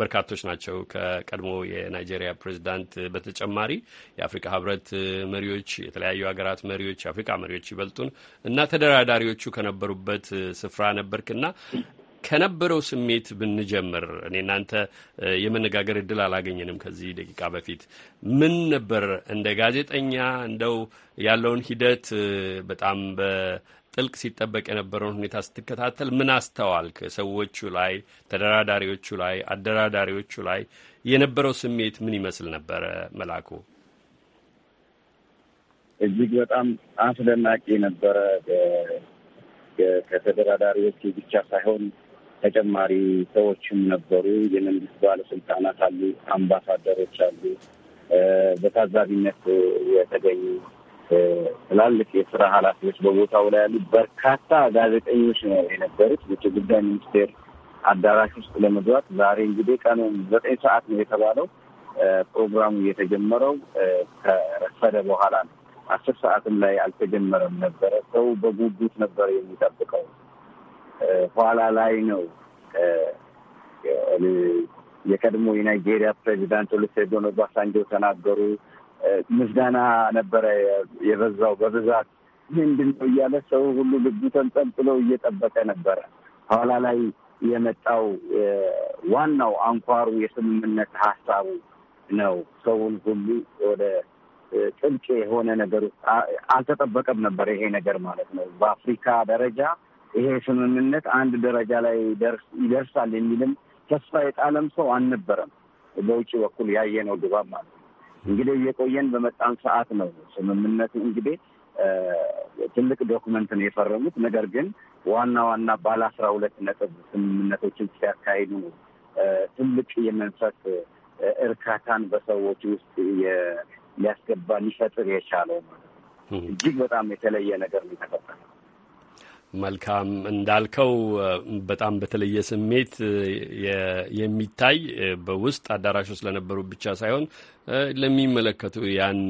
በርካቶች ናቸው። ከቀድሞ የናይጄሪያ ፕሬዚዳንት በተጨማሪ የአፍሪካ ሕብረት መሪዎች፣ የተለያዩ ሀገራት መሪዎች፣ የአፍሪካ መሪዎች ይበልጡን እና ተደራዳሪዎቹ ከነበሩበት ስፍራ ነበርክና ከነበረው ስሜት ብንጀምር እኔ እናንተ የመነጋገር እድል አላገኘንም ከዚህ ደቂቃ በፊት ምን ነበር እንደ ጋዜጠኛ እንደው ያለውን ሂደት በጣም በጥልቅ ሲጠበቅ የነበረውን ሁኔታ ስትከታተል ምን አስተዋልክ ሰዎቹ ላይ ተደራዳሪዎቹ ላይ አደራዳሪዎቹ ላይ የነበረው ስሜት ምን ይመስል ነበረ መላኩ እጅግ በጣም አስደናቂ ነበረ ከተደራዳሪዎች ብቻ ሳይሆን ተጨማሪ ሰዎችም ነበሩ። የመንግስት ባለስልጣናት አሉ፣ አምባሳደሮች አሉ፣ በታዛቢነት የተገኙ ትላልቅ የስራ ኃላፊዎች በቦታው ላይ ያሉ በርካታ ጋዜጠኞች ነው የነበሩት። ውጭ ጉዳይ ሚኒስቴር አዳራሽ ውስጥ ለመግባት ዛሬ እንግዲህ ቀኑ ዘጠኝ ሰዓት ነው የተባለው። ፕሮግራሙ የተጀመረው ከረፈደ በኋላ ነው። አስር ሰዓትም ላይ አልተጀመረም ነበረ። ሰው በጉጉት ነበረ የሚጠብቀው። ኋላ ላይ ነው የቀድሞ የናይጄሪያ ፕሬዚዳንት ኦሉሴጎን ኦባሳንጆ ተናገሩ። ምስጋና ነበረ የበዛው በብዛት ምንድን ነው እያለ ሰው ሁሉ ልቡ ተንጠልጥሎ እየጠበቀ ነበረ። ኋላ ላይ የመጣው ዋናው አንኳሩ የስምምነት ሀሳቡ ነው። ሰውን ሁሉ ወደ ጥልቅ የሆነ ነገር ውስጥ አልተጠበቀም ነበር ይሄ ነገር ማለት ነው። በአፍሪካ ደረጃ ይሄ ስምምነት አንድ ደረጃ ላይ ይደርሳል የሚልም ተስፋ የጣለም ሰው አልነበረም። በውጭ በኩል ያየነው ድባብ ማለት ነው። እንግዲህ እየቆየን በመጣን ሰዓት ነው ስምምነቱ እንግዲህ ትልቅ ዶክመንት ነው የፈረሙት። ነገር ግን ዋና ዋና ባለ አስራ ሁለት ነጥብ ስምምነቶችን ሲያካሂዱ ትልቅ የመንፈስ እርካታን በሰዎች ውስጥ ሊያስገባ ሊፈጥር የቻለው ማለት ነው። እጅግ በጣም የተለየ ነገር ነው የተፈጠረው። መልካም እንዳልከው በጣም በተለየ ስሜት የሚታይ በውስጥ አዳራሽ ለነበሩ ብቻ ሳይሆን ለሚመለከቱ ያን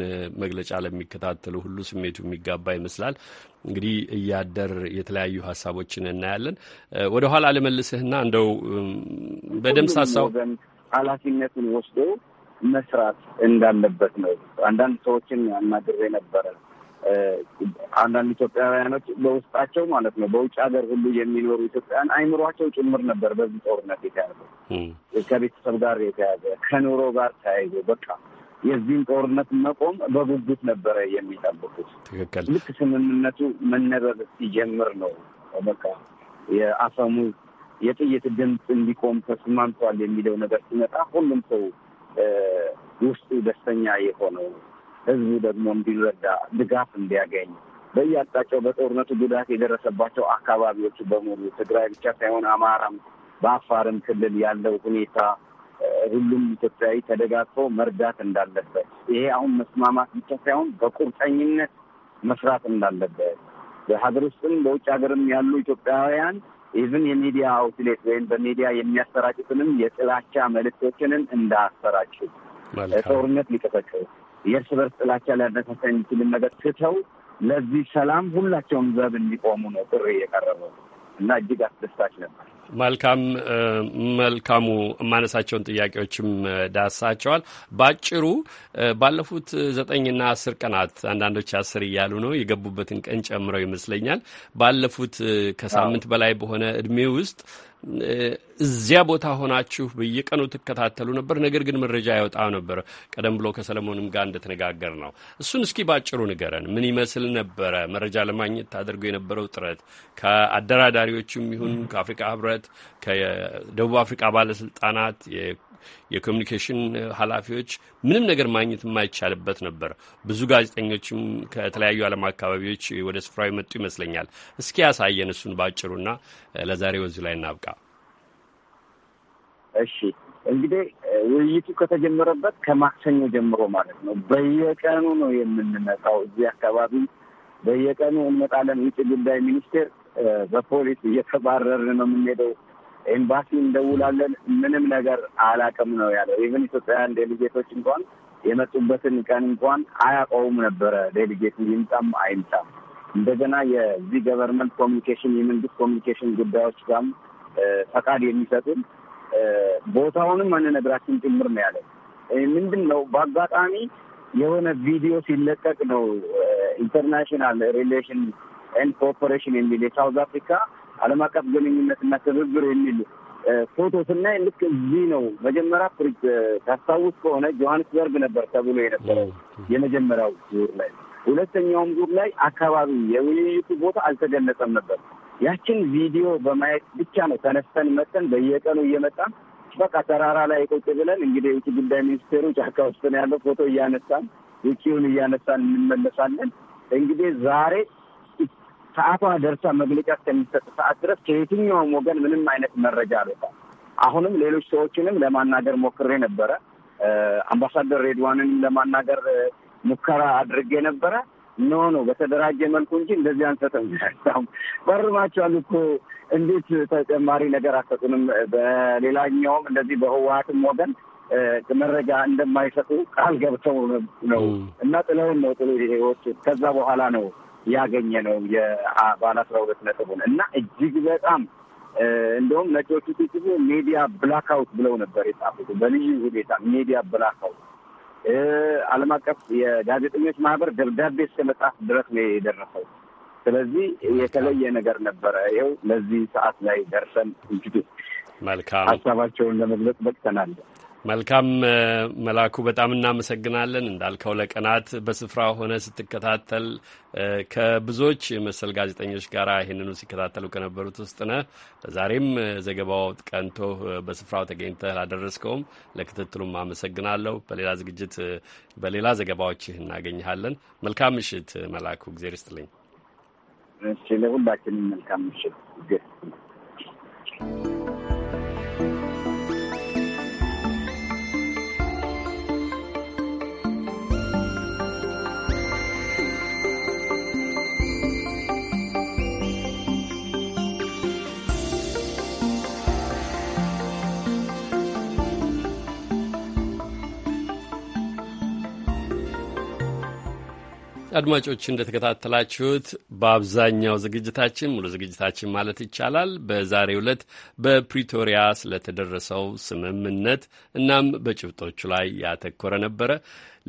መግለጫ ለሚከታተሉ ሁሉ ስሜቱ የሚጋባ ይመስላል። እንግዲህ እያደር የተለያዩ ሀሳቦችን እናያለን። ወደኋላ ልመልስህና እንደው በደምሳሳው ኃላፊነቱን ወስዶ መስራት እንዳለበት ነው። አንዳንድ ሰዎችን አናግሬ ነበረ አንዳንድ ኢትዮጵያውያኖች በውስጣቸው ማለት ነው በውጭ ሀገር ሁሉ የሚኖሩ ኢትዮጵያውያን አይምሯቸው ጭምር ነበር በዚህ ጦርነት የተያዘ ከቤተሰብ ጋር የተያዘ ከኑሮ ጋር ተያይዞ በቃ የዚህን ጦርነት መቆም በጉጉት ነበረ የሚጠብቁት። ትክክል። ልክ ስምምነቱ መነበብ ሲጀምር ነው በቃ የአፈሙ የጥይት ድምፅ እንዲቆም ተስማምቷል የሚለው ነገር ሲመጣ ሁሉም ሰው ውስጡ ደስተኛ የሆነው ህዝቡ ደግሞ እንዲረዳ ድጋፍ እንዲያገኝ በየአቅጣጫው በጦርነቱ ጉዳት የደረሰባቸው አካባቢዎች በሙሉ ትግራይ ብቻ ሳይሆን አማራም በአፋርም ክልል ያለው ሁኔታ ሁሉም ኢትዮጵያዊ ተደጋግፎ መርዳት እንዳለበት፣ ይሄ አሁን መስማማት ብቻ ሳይሆን በቁርጠኝነት መስራት እንዳለበት በሀገር ውስጥም በውጭ ሀገርም ያሉ ኢትዮጵያውያን ኢቭን የሚዲያ አውትሌት ወይም በሚዲያ የሚያሰራጩትንም የጥላቻ መልእክቶችንን እንዳሰራጩ ጦርነት ሊቀሰቅስ የእርስ በርስ ጥላቻ ሊያነሳሳ የሚችልን ነገር ትተው ለዚህ ሰላም ሁላቸውም ዘብ እንዲቆሙ ነው ጥሪ የቀረበው እና እጅግ አስደሳች ነበር። መልካም መልካሙ የማነሳቸውን ጥያቄዎችም ዳሳቸዋል። ባጭሩ ባለፉት ዘጠኝና አስር ቀናት አንዳንዶች አስር እያሉ ነው የገቡበትን ቀን ጨምረው ይመስለኛል ባለፉት ከሳምንት በላይ በሆነ እድሜ ውስጥ እዚያ ቦታ ሆናችሁ በየቀኑ ትከታተሉ ነበር፣ ነገር ግን መረጃ ያወጣ ነበር። ቀደም ብሎ ከሰለሞንም ጋር እንደተነጋገር ነው። እሱን እስኪ ባጭሩ ንገረን። ምን ይመስል ነበረ መረጃ ለማግኘት ታደርጎ የነበረው ጥረት? ከአደራዳሪዎቹም ይሁን ከአፍሪካ ህብረት፣ ከደቡብ አፍሪካ ባለስልጣናት የኮሚኒኬሽን ኃላፊዎች ምንም ነገር ማግኘት የማይቻልበት ነበር። ብዙ ጋዜጠኞችም ከተለያዩ ዓለም አካባቢዎች ወደ ስፍራው የመጡ ይመስለኛል። እስኪ ያሳየን እሱን ና ለዛሬ ወዚሁ ላይ እናብቃ። እሺ እንግዲህ ውይይቱ ከተጀመረበት ከማክሰኞ ጀምሮ ማለት ነው በየቀኑ ነው የምንመጣው እዚህ አካባቢ በየቀኑ እንመጣለን። ውጭ ጉዳይ ሚኒስቴር በፖሊስ እየተባረርን ነው የምንሄደው ኤምባሲ እንደውላለን ምንም ነገር አላቅም ነው ያለው። ኢቨን ኢትዮጵያውያን ዴሊጌቶች እንኳን የመጡበትን ቀን እንኳን አያውቀውም ነበረ። ዴሊጌቱ ይምጣም አይምጣም እንደገና የዚህ ገቨርንመንት ኮሚኒኬሽን የመንግስት ኮሚኒኬሽን ጉዳዮች ጋም ፈቃድ የሚሰጡን ቦታውንም አንነግራችን ጭምር ነው ያለው። ምንድን ነው በአጋጣሚ የሆነ ቪዲዮ ሲለቀቅ ነው ኢንተርናሽናል ሪሌሽን ኤንድ ኮኦፐሬሽን የሚል የሳውዝ አፍሪካ ዓለም አቀፍ ግንኙነትና ትብብር የሚል ፎቶ ስናይ ልክ እዚህ ነው። መጀመሪያ ፕሪት ታስታውስ ከሆነ ጆሀንስበርግ ነበር ተብሎ የነበረው የመጀመሪያው ዙር ላይ። ሁለተኛውም ዙር ላይ አካባቢ የውይይቱ ቦታ አልተገለጸም ነበር። ያችን ቪዲዮ በማየት ብቻ ነው ተነስተን መተን በየቀኑ እየመጣን በቃ ተራራ ላይ ቁጭ ብለን እንግዲህ የውጭ ጉዳይ ሚኒስቴሩ ጫካ ውስጥ ነው ያለው ፎቶ እያነሳን ውጭውን እያነሳን እንመለሳለን። እንግዲህ ዛሬ ሰዓቷ ደርሳ መግለጫ እስከሚሰጥ ሰዓት ድረስ ከየትኛውም ወገን ምንም አይነት መረጃ አልወጣም። አሁንም ሌሎች ሰዎችንም ለማናገር ሞክሬ ነበረ። አምባሳደር ሬድዋንን ለማናገር ሙከራ አድርጌ ነበረ። ኖ ኖ በተደራጀ መልኩ እንጂ እንደዚህ አንሰጥም፣ ፈርማችኋል እኮ እንዴት ተጨማሪ ነገር አትሰጡንም? በሌላኛውም እንደዚህ በህወሀትም ወገን መረጃ እንደማይሰጡ ቃል ገብተው ነው እና ጥለውን ነው ጥሎ የወጡት። ከዛ በኋላ ነው ያገኘ ነው ባለ አስራ ሁለት ነጥቡን እና እጅግ በጣም እንደውም ነጮቹ ሲጽፉ ሜዲያ ብላክ ብለው ነበር የጻፉት በልዩ ሁኔታ ሜዲያ ብላክ አለም ዓለም አቀፍ የጋዜጠኞች ማህበር ደብዳቤ እስከ መጽሐፍ ድረስ ነው የደረሰው። ስለዚህ የተለየ ነገር ነበረ። ይኸው ለዚህ ሰዓት ላይ ደርሰን እንግዲህ መልካም ሀሳባቸውን ለመግለጽ በቅተናል። መልካም መላኩ፣ በጣም እናመሰግናለን። እንዳልከው ለቀናት በስፍራ ሆነ ስትከታተል ከብዙዎች መሰል ጋዜጠኞች ጋር ይህንኑ ሲከታተሉ ከነበሩት ውስጥ ነህ። ዛሬም ዘገባው ቀንቶ በስፍራው ተገኝተህ ላደረስከውም ለክትትሉም አመሰግናለሁ። በሌላ ዝግጅት በሌላ ዘገባዎች እናገኝሃለን። መልካም ምሽት መላኩ፣ እግዜር ይስጥልኝ። ለሁላችንም መልካም ምሽት። አድማጮች እንደተከታተላችሁት በአብዛኛው ዝግጅታችን ሙሉ ዝግጅታችን ማለት ይቻላል በዛሬው ዕለት በፕሪቶሪያ ስለተደረሰው ስምምነት እናም በጭብጦቹ ላይ ያተኮረ ነበረ።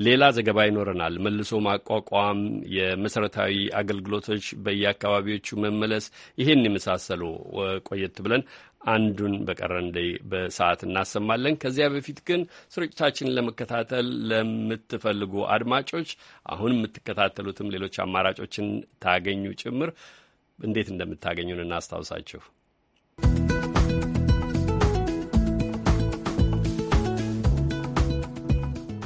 ሌላ ዘገባ ይኖረናል። መልሶ ማቋቋም፣ የመሰረታዊ አገልግሎቶች በየአካባቢዎቹ መመለስ፣ ይህን የመሳሰሉ ቆየት ብለን አንዱን በቀረን በሰዓት እናሰማለን። ከዚያ በፊት ግን ስርጭታችንን ለመከታተል ለምትፈልጉ አድማጮች አሁን የምትከታተሉትም ሌሎች አማራጮችን ታገኙ ጭምር እንዴት እንደምታገኙን እናስታውሳችሁ።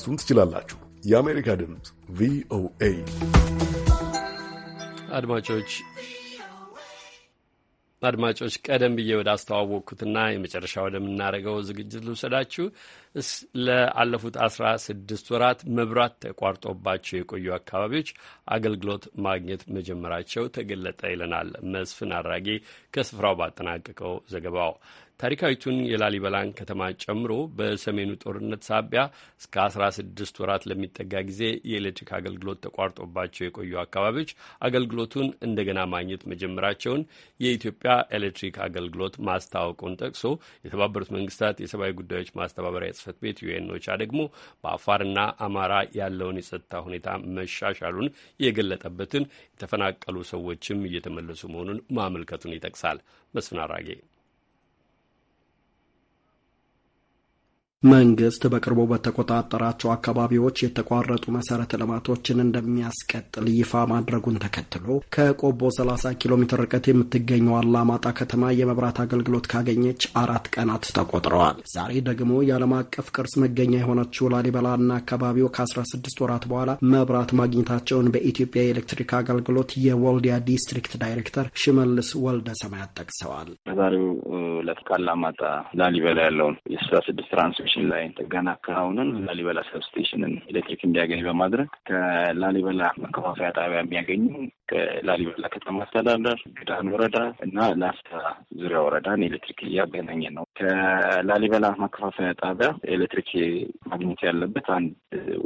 ልታደርሱን ትችላላችሁ። የአሜሪካ ድምፅ ቪኦኤ አድማጮች አድማጮች ቀደም ብዬ ወደ አስተዋወቅኩትና የመጨረሻ ወደምናደርገው ዝግጅት ልውሰዳችሁ። ለአለፉት አስራ ስድስት ወራት መብራት ተቋርጦባቸው የቆዩ አካባቢዎች አገልግሎት ማግኘት መጀመራቸው ተገለጠ ይለናል መስፍን አራጌ ከስፍራው ባጠናቀቀው ዘገባው። ታሪካዊቱን የላሊበላን ከተማ ጨምሮ በሰሜኑ ጦርነት ሳቢያ እስከ 16 ወራት ለሚጠጋ ጊዜ የኤሌክትሪክ አገልግሎት ተቋርጦባቸው የቆዩ አካባቢዎች አገልግሎቱን እንደገና ማግኘት መጀመራቸውን የኢትዮጵያ ኤሌክትሪክ አገልግሎት ማስታወቁን ጠቅሶ የተባበሩት መንግስታት የሰብአዊ ጉዳዮች ማስተባበሪያ ጽህፈት ቤት ዩኤን ኦቻ ደግሞ በአፋርና አማራ ያለውን የጸጥታ ሁኔታ መሻሻሉን የገለጠበትን የተፈናቀሉ ሰዎችም እየተመለሱ መሆኑን ማመልከቱን ይጠቅሳል። መስፍን አራጌ መንግስት በቅርቡ በተቆጣጠራቸው አካባቢዎች የተቋረጡ መሰረተ ልማቶችን እንደሚያስቀጥል ይፋ ማድረጉን ተከትሎ ከቆቦ 30 ኪሎ ሜትር ርቀት የምትገኘው አላማጣ ከተማ የመብራት አገልግሎት ካገኘች አራት ቀናት ተቆጥረዋል። ዛሬ ደግሞ የዓለም አቀፍ ቅርስ መገኛ የሆነችው ላሊበላና አካባቢው ከ16 ወራት በኋላ መብራት ማግኘታቸውን በኢትዮጵያ የኤሌክትሪክ አገልግሎት የወልዲያ ዲስትሪክት ዳይሬክተር ሽመልስ ወልደ ሰማያት ጠቅሰዋል። በዛሬው ዕለት ላሊበላ ያለውን የ16 ትራንስ ሰብስቴሽን ላይ ጥገና አከናውንን ላሊበላ ሰብስቴሽንን ኤሌክትሪክ እንዲያገኝ በማድረግ ከላሊበላ መከፋፈያ ጣቢያ የሚያገኙ ከላሊበላ ከተማ አስተዳደር፣ ግዳን ወረዳ እና ላስታ ዙሪያ ወረዳን ኤሌክትሪክ እያገናኘ ነው ከላሊበላ ማከፋፈያ ጣቢያ ኤሌክትሪክ ማግኘት ያለበት አንድ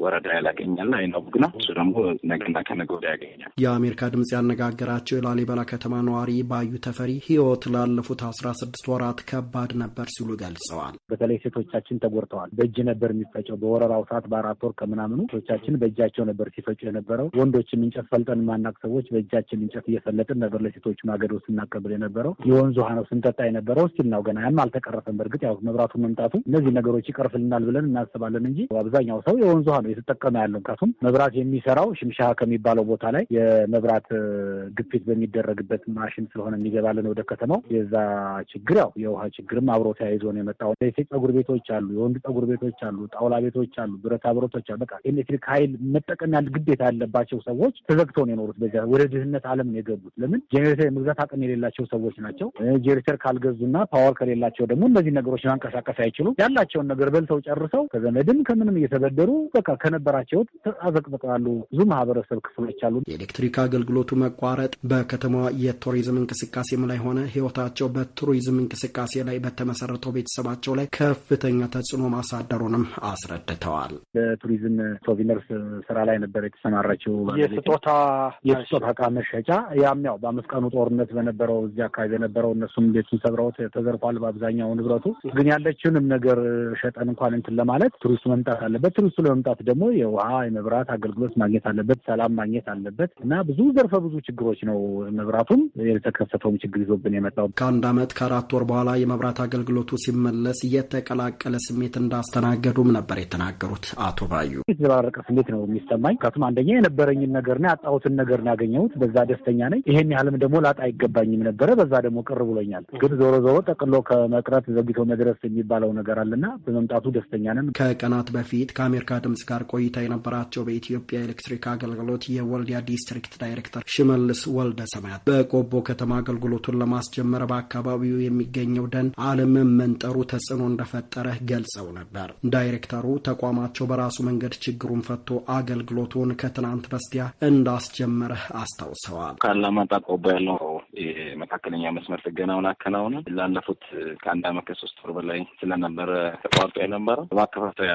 ወረዳ ያላገኛል አይነው ቡግና እሱ ደግሞ ነገና ከነገ ወዲያ ያገኛል። የአሜሪካ ድምጽ ያነጋገራቸው የላሊበላ ከተማ ነዋሪ ባዩ ተፈሪ ህይወት ላለፉት አስራ ስድስት ወራት ከባድ ነበር ሲሉ ገልጸዋል። በተለይ ሴቶቻችን ተጎድተዋል። በእጅ ነበር የሚፈጨው በወረራው ሰዓት በአራት ወር ከምናምኑ ሴቶቻችን በእጃቸው ነበር ሲፈጩ የነበረው። ወንዶችም እንጨት ፈልጠን ማናቅ ሰዎች በእጃችን እንጨት እየፈለጥን ነበር ለሴቶቹ ማገዶ ስናቀብል የነበረው የወንዙ ውሃ ነው ስንጠጣ የነበረው ሲል ነው ገና ያም አልተቀረ አልተቀረፈም። በእርግጥ ያው መብራቱ መምጣቱ እነዚህ ነገሮች ይቀርፍልናል ብለን እናስባለን እንጂ አብዛኛው ሰው የወንዝ ውሃ ነው የተጠቀመ ያለው። ምክንያቱም መብራት የሚሰራው ሽምሻ ከሚባለው ቦታ ላይ የመብራት ግፊት በሚደረግበት ማሽን ስለሆነ የሚገባልን ወደ ከተማው የዛ ችግር ያው የውሃ ችግርም አብሮ ተያይዞ ነው የመጣው። ሴት ጸጉር ቤቶች አሉ፣ የወንድ ጸጉር ቤቶች አሉ፣ ጣውላ ቤቶች አሉ፣ ብረታ ብረቶች አሉ። በቃ ኤሌክትሪክ ኃይል ያለ ግዴታ ያለባቸው ሰዎች ተዘግቶ ነው የኖሩት። በዚያ ወደ ድህነት አለም ነው የገቡት። ለምን ጄኔሬተር የመግዛት አቅም የሌላቸው ሰዎች ናቸው። ጄኔሬተር ካልገዙና ፓወር ከሌላቸው ደግሞ እነዚህ ነገሮች ማንቀሳቀስ አይችሉም። ያላቸውን ነገር በልተው ጨርሰው ከዘመድም ከምንም እየተበደሩ በቃ ከነበራቸው አዘቅዝቀው ብዙ ማህበረሰብ ክፍሎች አሉ። የኤሌክትሪክ አገልግሎቱ መቋረጥ በከተማዋ የቱሪዝም እንቅስቃሴም ላይ ሆነ ህይወታቸው በቱሪዝም እንቅስቃሴ ላይ በተመሰረተው ቤተሰባቸው ላይ ከፍተኛ ተጽዕኖ ማሳደሩንም አስረድተዋል። በቱሪዝም ሶቪነርስ ስራ ላይ ነበር የተሰማራችው የስጦታ የስጦታ እቃ መሸጫ ያም ያው በአምስት ቀኑ ጦርነት በነበረው እዚህ አካባቢ በነበረው እነሱም ቤቱን ሰብረውት ተዘርፏል በአብዛኛው ንብረቱ ግን ያለችውንም ነገር ሸጠን እንኳን እንትን ለማለት ቱሪስቱ መምጣት አለበት። ቱሪስቱ ለመምጣት ደግሞ የውሃ የመብራት አገልግሎት ማግኘት አለበት፣ ሰላም ማግኘት አለበት እና ብዙ ዘርፈ ብዙ ችግሮች ነው መብራቱም የተከሰተውም ችግር ይዞብን የመጣው። ከአንድ አመት ከአራት ወር በኋላ የመብራት አገልግሎቱ ሲመለስ የተቀላቀለ ስሜት እንዳስተናገዱም ነበር የተናገሩት አቶ ባዩ። የተዘባረቀ ስሜት ነው የሚሰማኝ። ምክንያቱም አንደኛ የነበረኝን ነገርና ያጣሁትን ነገር ነው ያገኘሁት። በዛ ደስተኛ ነኝ። ይሄን ያህልም ደግሞ ላጣ አይገባኝም ነበረ። በዛ ደግሞ ቅር ብሎኛል። ግን ዞሮ ዞሮ ጠቅሎ ከመቅረት ሰዓት ዘግቶ መድረስ የሚባለው ነገር አለና በመምጣቱ ደስተኛ ነን። ከቀናት በፊት ከአሜሪካ ድምጽ ጋር ቆይታ የነበራቸው በኢትዮጵያ ኤሌክትሪክ አገልግሎት የወልዲያ ዲስትሪክት ዳይሬክተር ሽመልስ ወልደ ሰማያት በቆቦ ከተማ አገልግሎቱን ለማስጀመር በአካባቢው የሚገኘው ደን መንጠሩ ተጽዕኖ እንደፈጠረ ገልጸው ነበር። ዳይሬክተሩ ተቋማቸው በራሱ መንገድ ችግሩን ፈቶ አገልግሎቱን ከትናንት በስቲያ እንዳስጀመረ አስታውሰዋል። ካላማጣ ቆቦ ያለው የመካከለኛ መስመር ጥገናውን አከናውነን ላለፉት ከአንድ አመት ከሶስት ወር በላይ ስለነበረ ተቋርጦ የነበረው በማከፋፈያ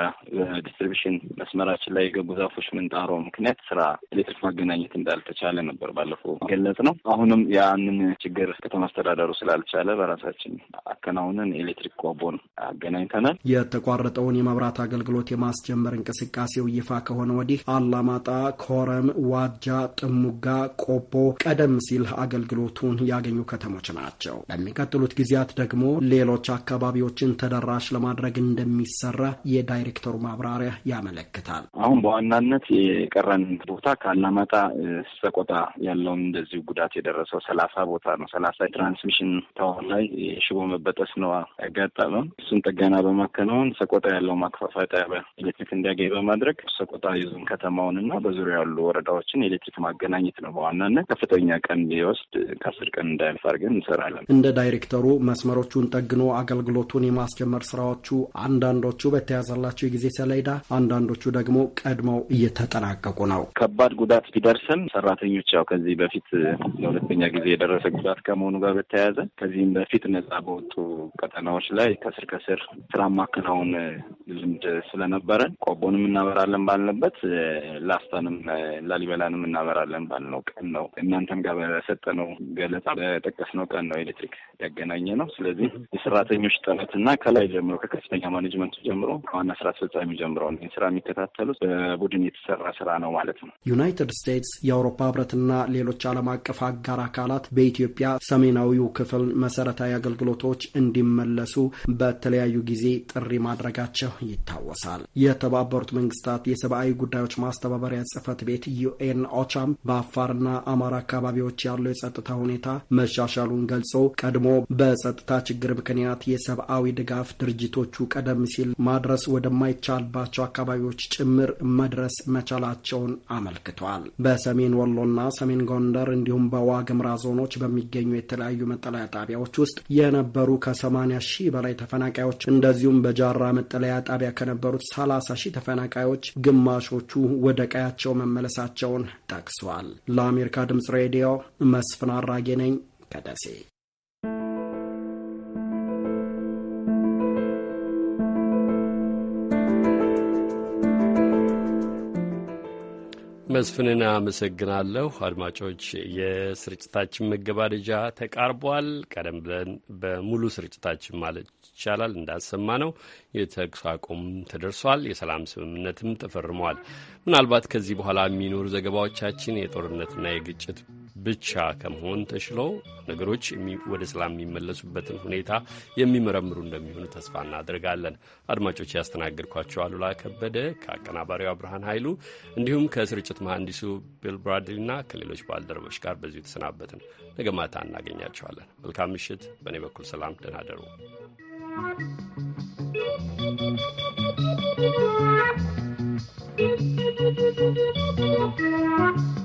ዲስትሪቢሽን መስመራችን ላይ የገቡ ዛፎች ምንጣሮ ምክንያት ስራ ኤሌክትሪክ ማገናኘት እንዳልተቻለ ነበር ባለፈው ገለጽ ነው። አሁንም ያንን ችግር ከተማ አስተዳደሩ ስላልቻለ በራሳችን አከናውነን ኤሌክትሪክ ቆቦን አገናኝተናል። የተቋረጠውን የመብራት አገልግሎት የማስጀመር እንቅስቃሴው ይፋ ከሆነ ወዲህ አላማጣ፣ ኮረም፣ ዋጃ፣ ጥሙጋ፣ ቆቦ ቀደም ሲል አገልግሎቱ ድጋፉን ያገኙ ከተሞች ናቸው። በሚቀጥሉት ጊዜያት ደግሞ ሌሎች አካባቢዎችን ተደራሽ ለማድረግ እንደሚሰራ የዳይሬክተሩ ማብራሪያ ያመለክታል። አሁን በዋናነት የቀረን ቦታ ከአላማጣ ሰቆጣ ያለውን እንደዚሁ ጉዳት የደረሰው ሰላሳ ቦታ ነው። ሰላሳ የትራንስሚሽን ታወር ላይ የሽቦ መበጠስ ነው ያጋጠመው። እሱን ጥገና በማከናወን ሰቆጣ ያለው ማከፋፋያ ጣቢያ ኤሌክትሪክ እንዲያገኝ በማድረግ ሰቆጣ ይዙን ከተማውን እና በዙሪያ ያሉ ወረዳዎችን ኤሌክትሪክ ማገናኘት ነው በዋናነት ከፍተኛ ቀን ቢወስድ ከ አስር ቀን እንዳያልፍ አድርገን እንሰራለን። እንደ ዳይሬክተሩ መስመሮቹን ጠግኖ አገልግሎቱን የማስጀመር ስራዎቹ አንዳንዶቹ በተያዘላቸው የጊዜ ሰሌዳ፣ አንዳንዶቹ ደግሞ ቀድመው እየተጠናቀቁ ነው። ከባድ ጉዳት ቢደርስም ሰራተኞች ያው ከዚህ በፊት ለሁለተኛ ጊዜ የደረሰ ጉዳት ከመሆኑ ጋር በተያያዘ ከዚህም በፊት ነጻ በወጡ ቀጠናዎች ላይ ከስር ከስር ስራ ማከናወን ልምድ ስለነበረን ቆቦንም እናበራለን ባልንበት ላስታንም ላሊበላንም እናበራለን ባልነው ቀን ነው እናንተም ጋር በሰጠነው ዕለት በጠቀስነው ቀን ነው ኤሌክትሪክ ያገናኘ ነው። ስለዚህ የሰራተኞች ጥረት እና ከላይ ጀምሮ ከከፍተኛ ማኔጅመንቱ ጀምሮ ከዋና ስራ አስፈጻሚ ጀምሮ ነው ስራ የሚከታተሉት በቡድን የተሰራ ስራ ነው ማለት ነው። ዩናይትድ ስቴትስ፣ የአውሮፓ ህብረትና ሌሎች ዓለም አቀፍ አጋር አካላት በኢትዮጵያ ሰሜናዊው ክፍል መሰረታዊ አገልግሎቶች እንዲመለሱ በተለያዩ ጊዜ ጥሪ ማድረጋቸው ይታወሳል። የተባበሩት መንግስታት የሰብአዊ ጉዳዮች ማስተባበሪያ ጽህፈት ቤት ዩኤን ኦቻም በአፋርና አማራ አካባቢዎች ያለው የጸጥታ ሁኔታ ሁኔታ መሻሻሉን ገልጾ ቀድሞ በጸጥታ ችግር ምክንያት የሰብአዊ ድጋፍ ድርጅቶቹ ቀደም ሲል ማድረስ ወደማይቻልባቸው አካባቢዎች ጭምር መድረስ መቻላቸውን አመልክቷል። በሰሜን ወሎና ሰሜን ጎንደር እንዲሁም በዋግምራ ዞኖች በሚገኙ የተለያዩ መጠለያ ጣቢያዎች ውስጥ የነበሩ ከ80 ሺህ በላይ ተፈናቃዮች እንደዚሁም በጃራ መጠለያ ጣቢያ ከነበሩት 30 ሺህ ተፈናቃዮች ግማሾቹ ወደ ቀያቸው መመለሳቸውን ጠቅሷል። ለአሜሪካ ድምጽ ሬዲዮ መስፍን አራጌ ቆየ ነኝ ከደሴ። መስፍንን አመሰግናለሁ። አድማጮች የስርጭታችን መገባደጃ ተቃርቧል። ቀደም ብለን በሙሉ ስርጭታችን ማለት ይቻላል እንዳሰማ ነው የተኩስ አቁም ተደርሷል። የሰላም ስምምነትም ተፈርመዋል። ምናልባት ከዚህ በኋላ የሚኖሩ ዘገባዎቻችን የጦርነትና የግጭት ብቻ ከመሆን ተሽለው ነገሮች ወደ ሰላም የሚመለሱበትን ሁኔታ የሚመረምሩ እንደሚሆኑ ተስፋ እናደርጋለን። አድማጮች ያስተናግድኳቸው አሉላ ከበደ ከአቀናባሪዋ ብርሃን ኃይሉ እንዲሁም ከስርጭት መሐንዲሱ ቢል ብራድሊና ከሌሎች ባልደረቦች ጋር በዚሁ የተሰናበትን። ነገ ማታ እናገኛቸዋለን። መልካም ምሽት። በእኔ በኩል ሰላም፣ ደህና you.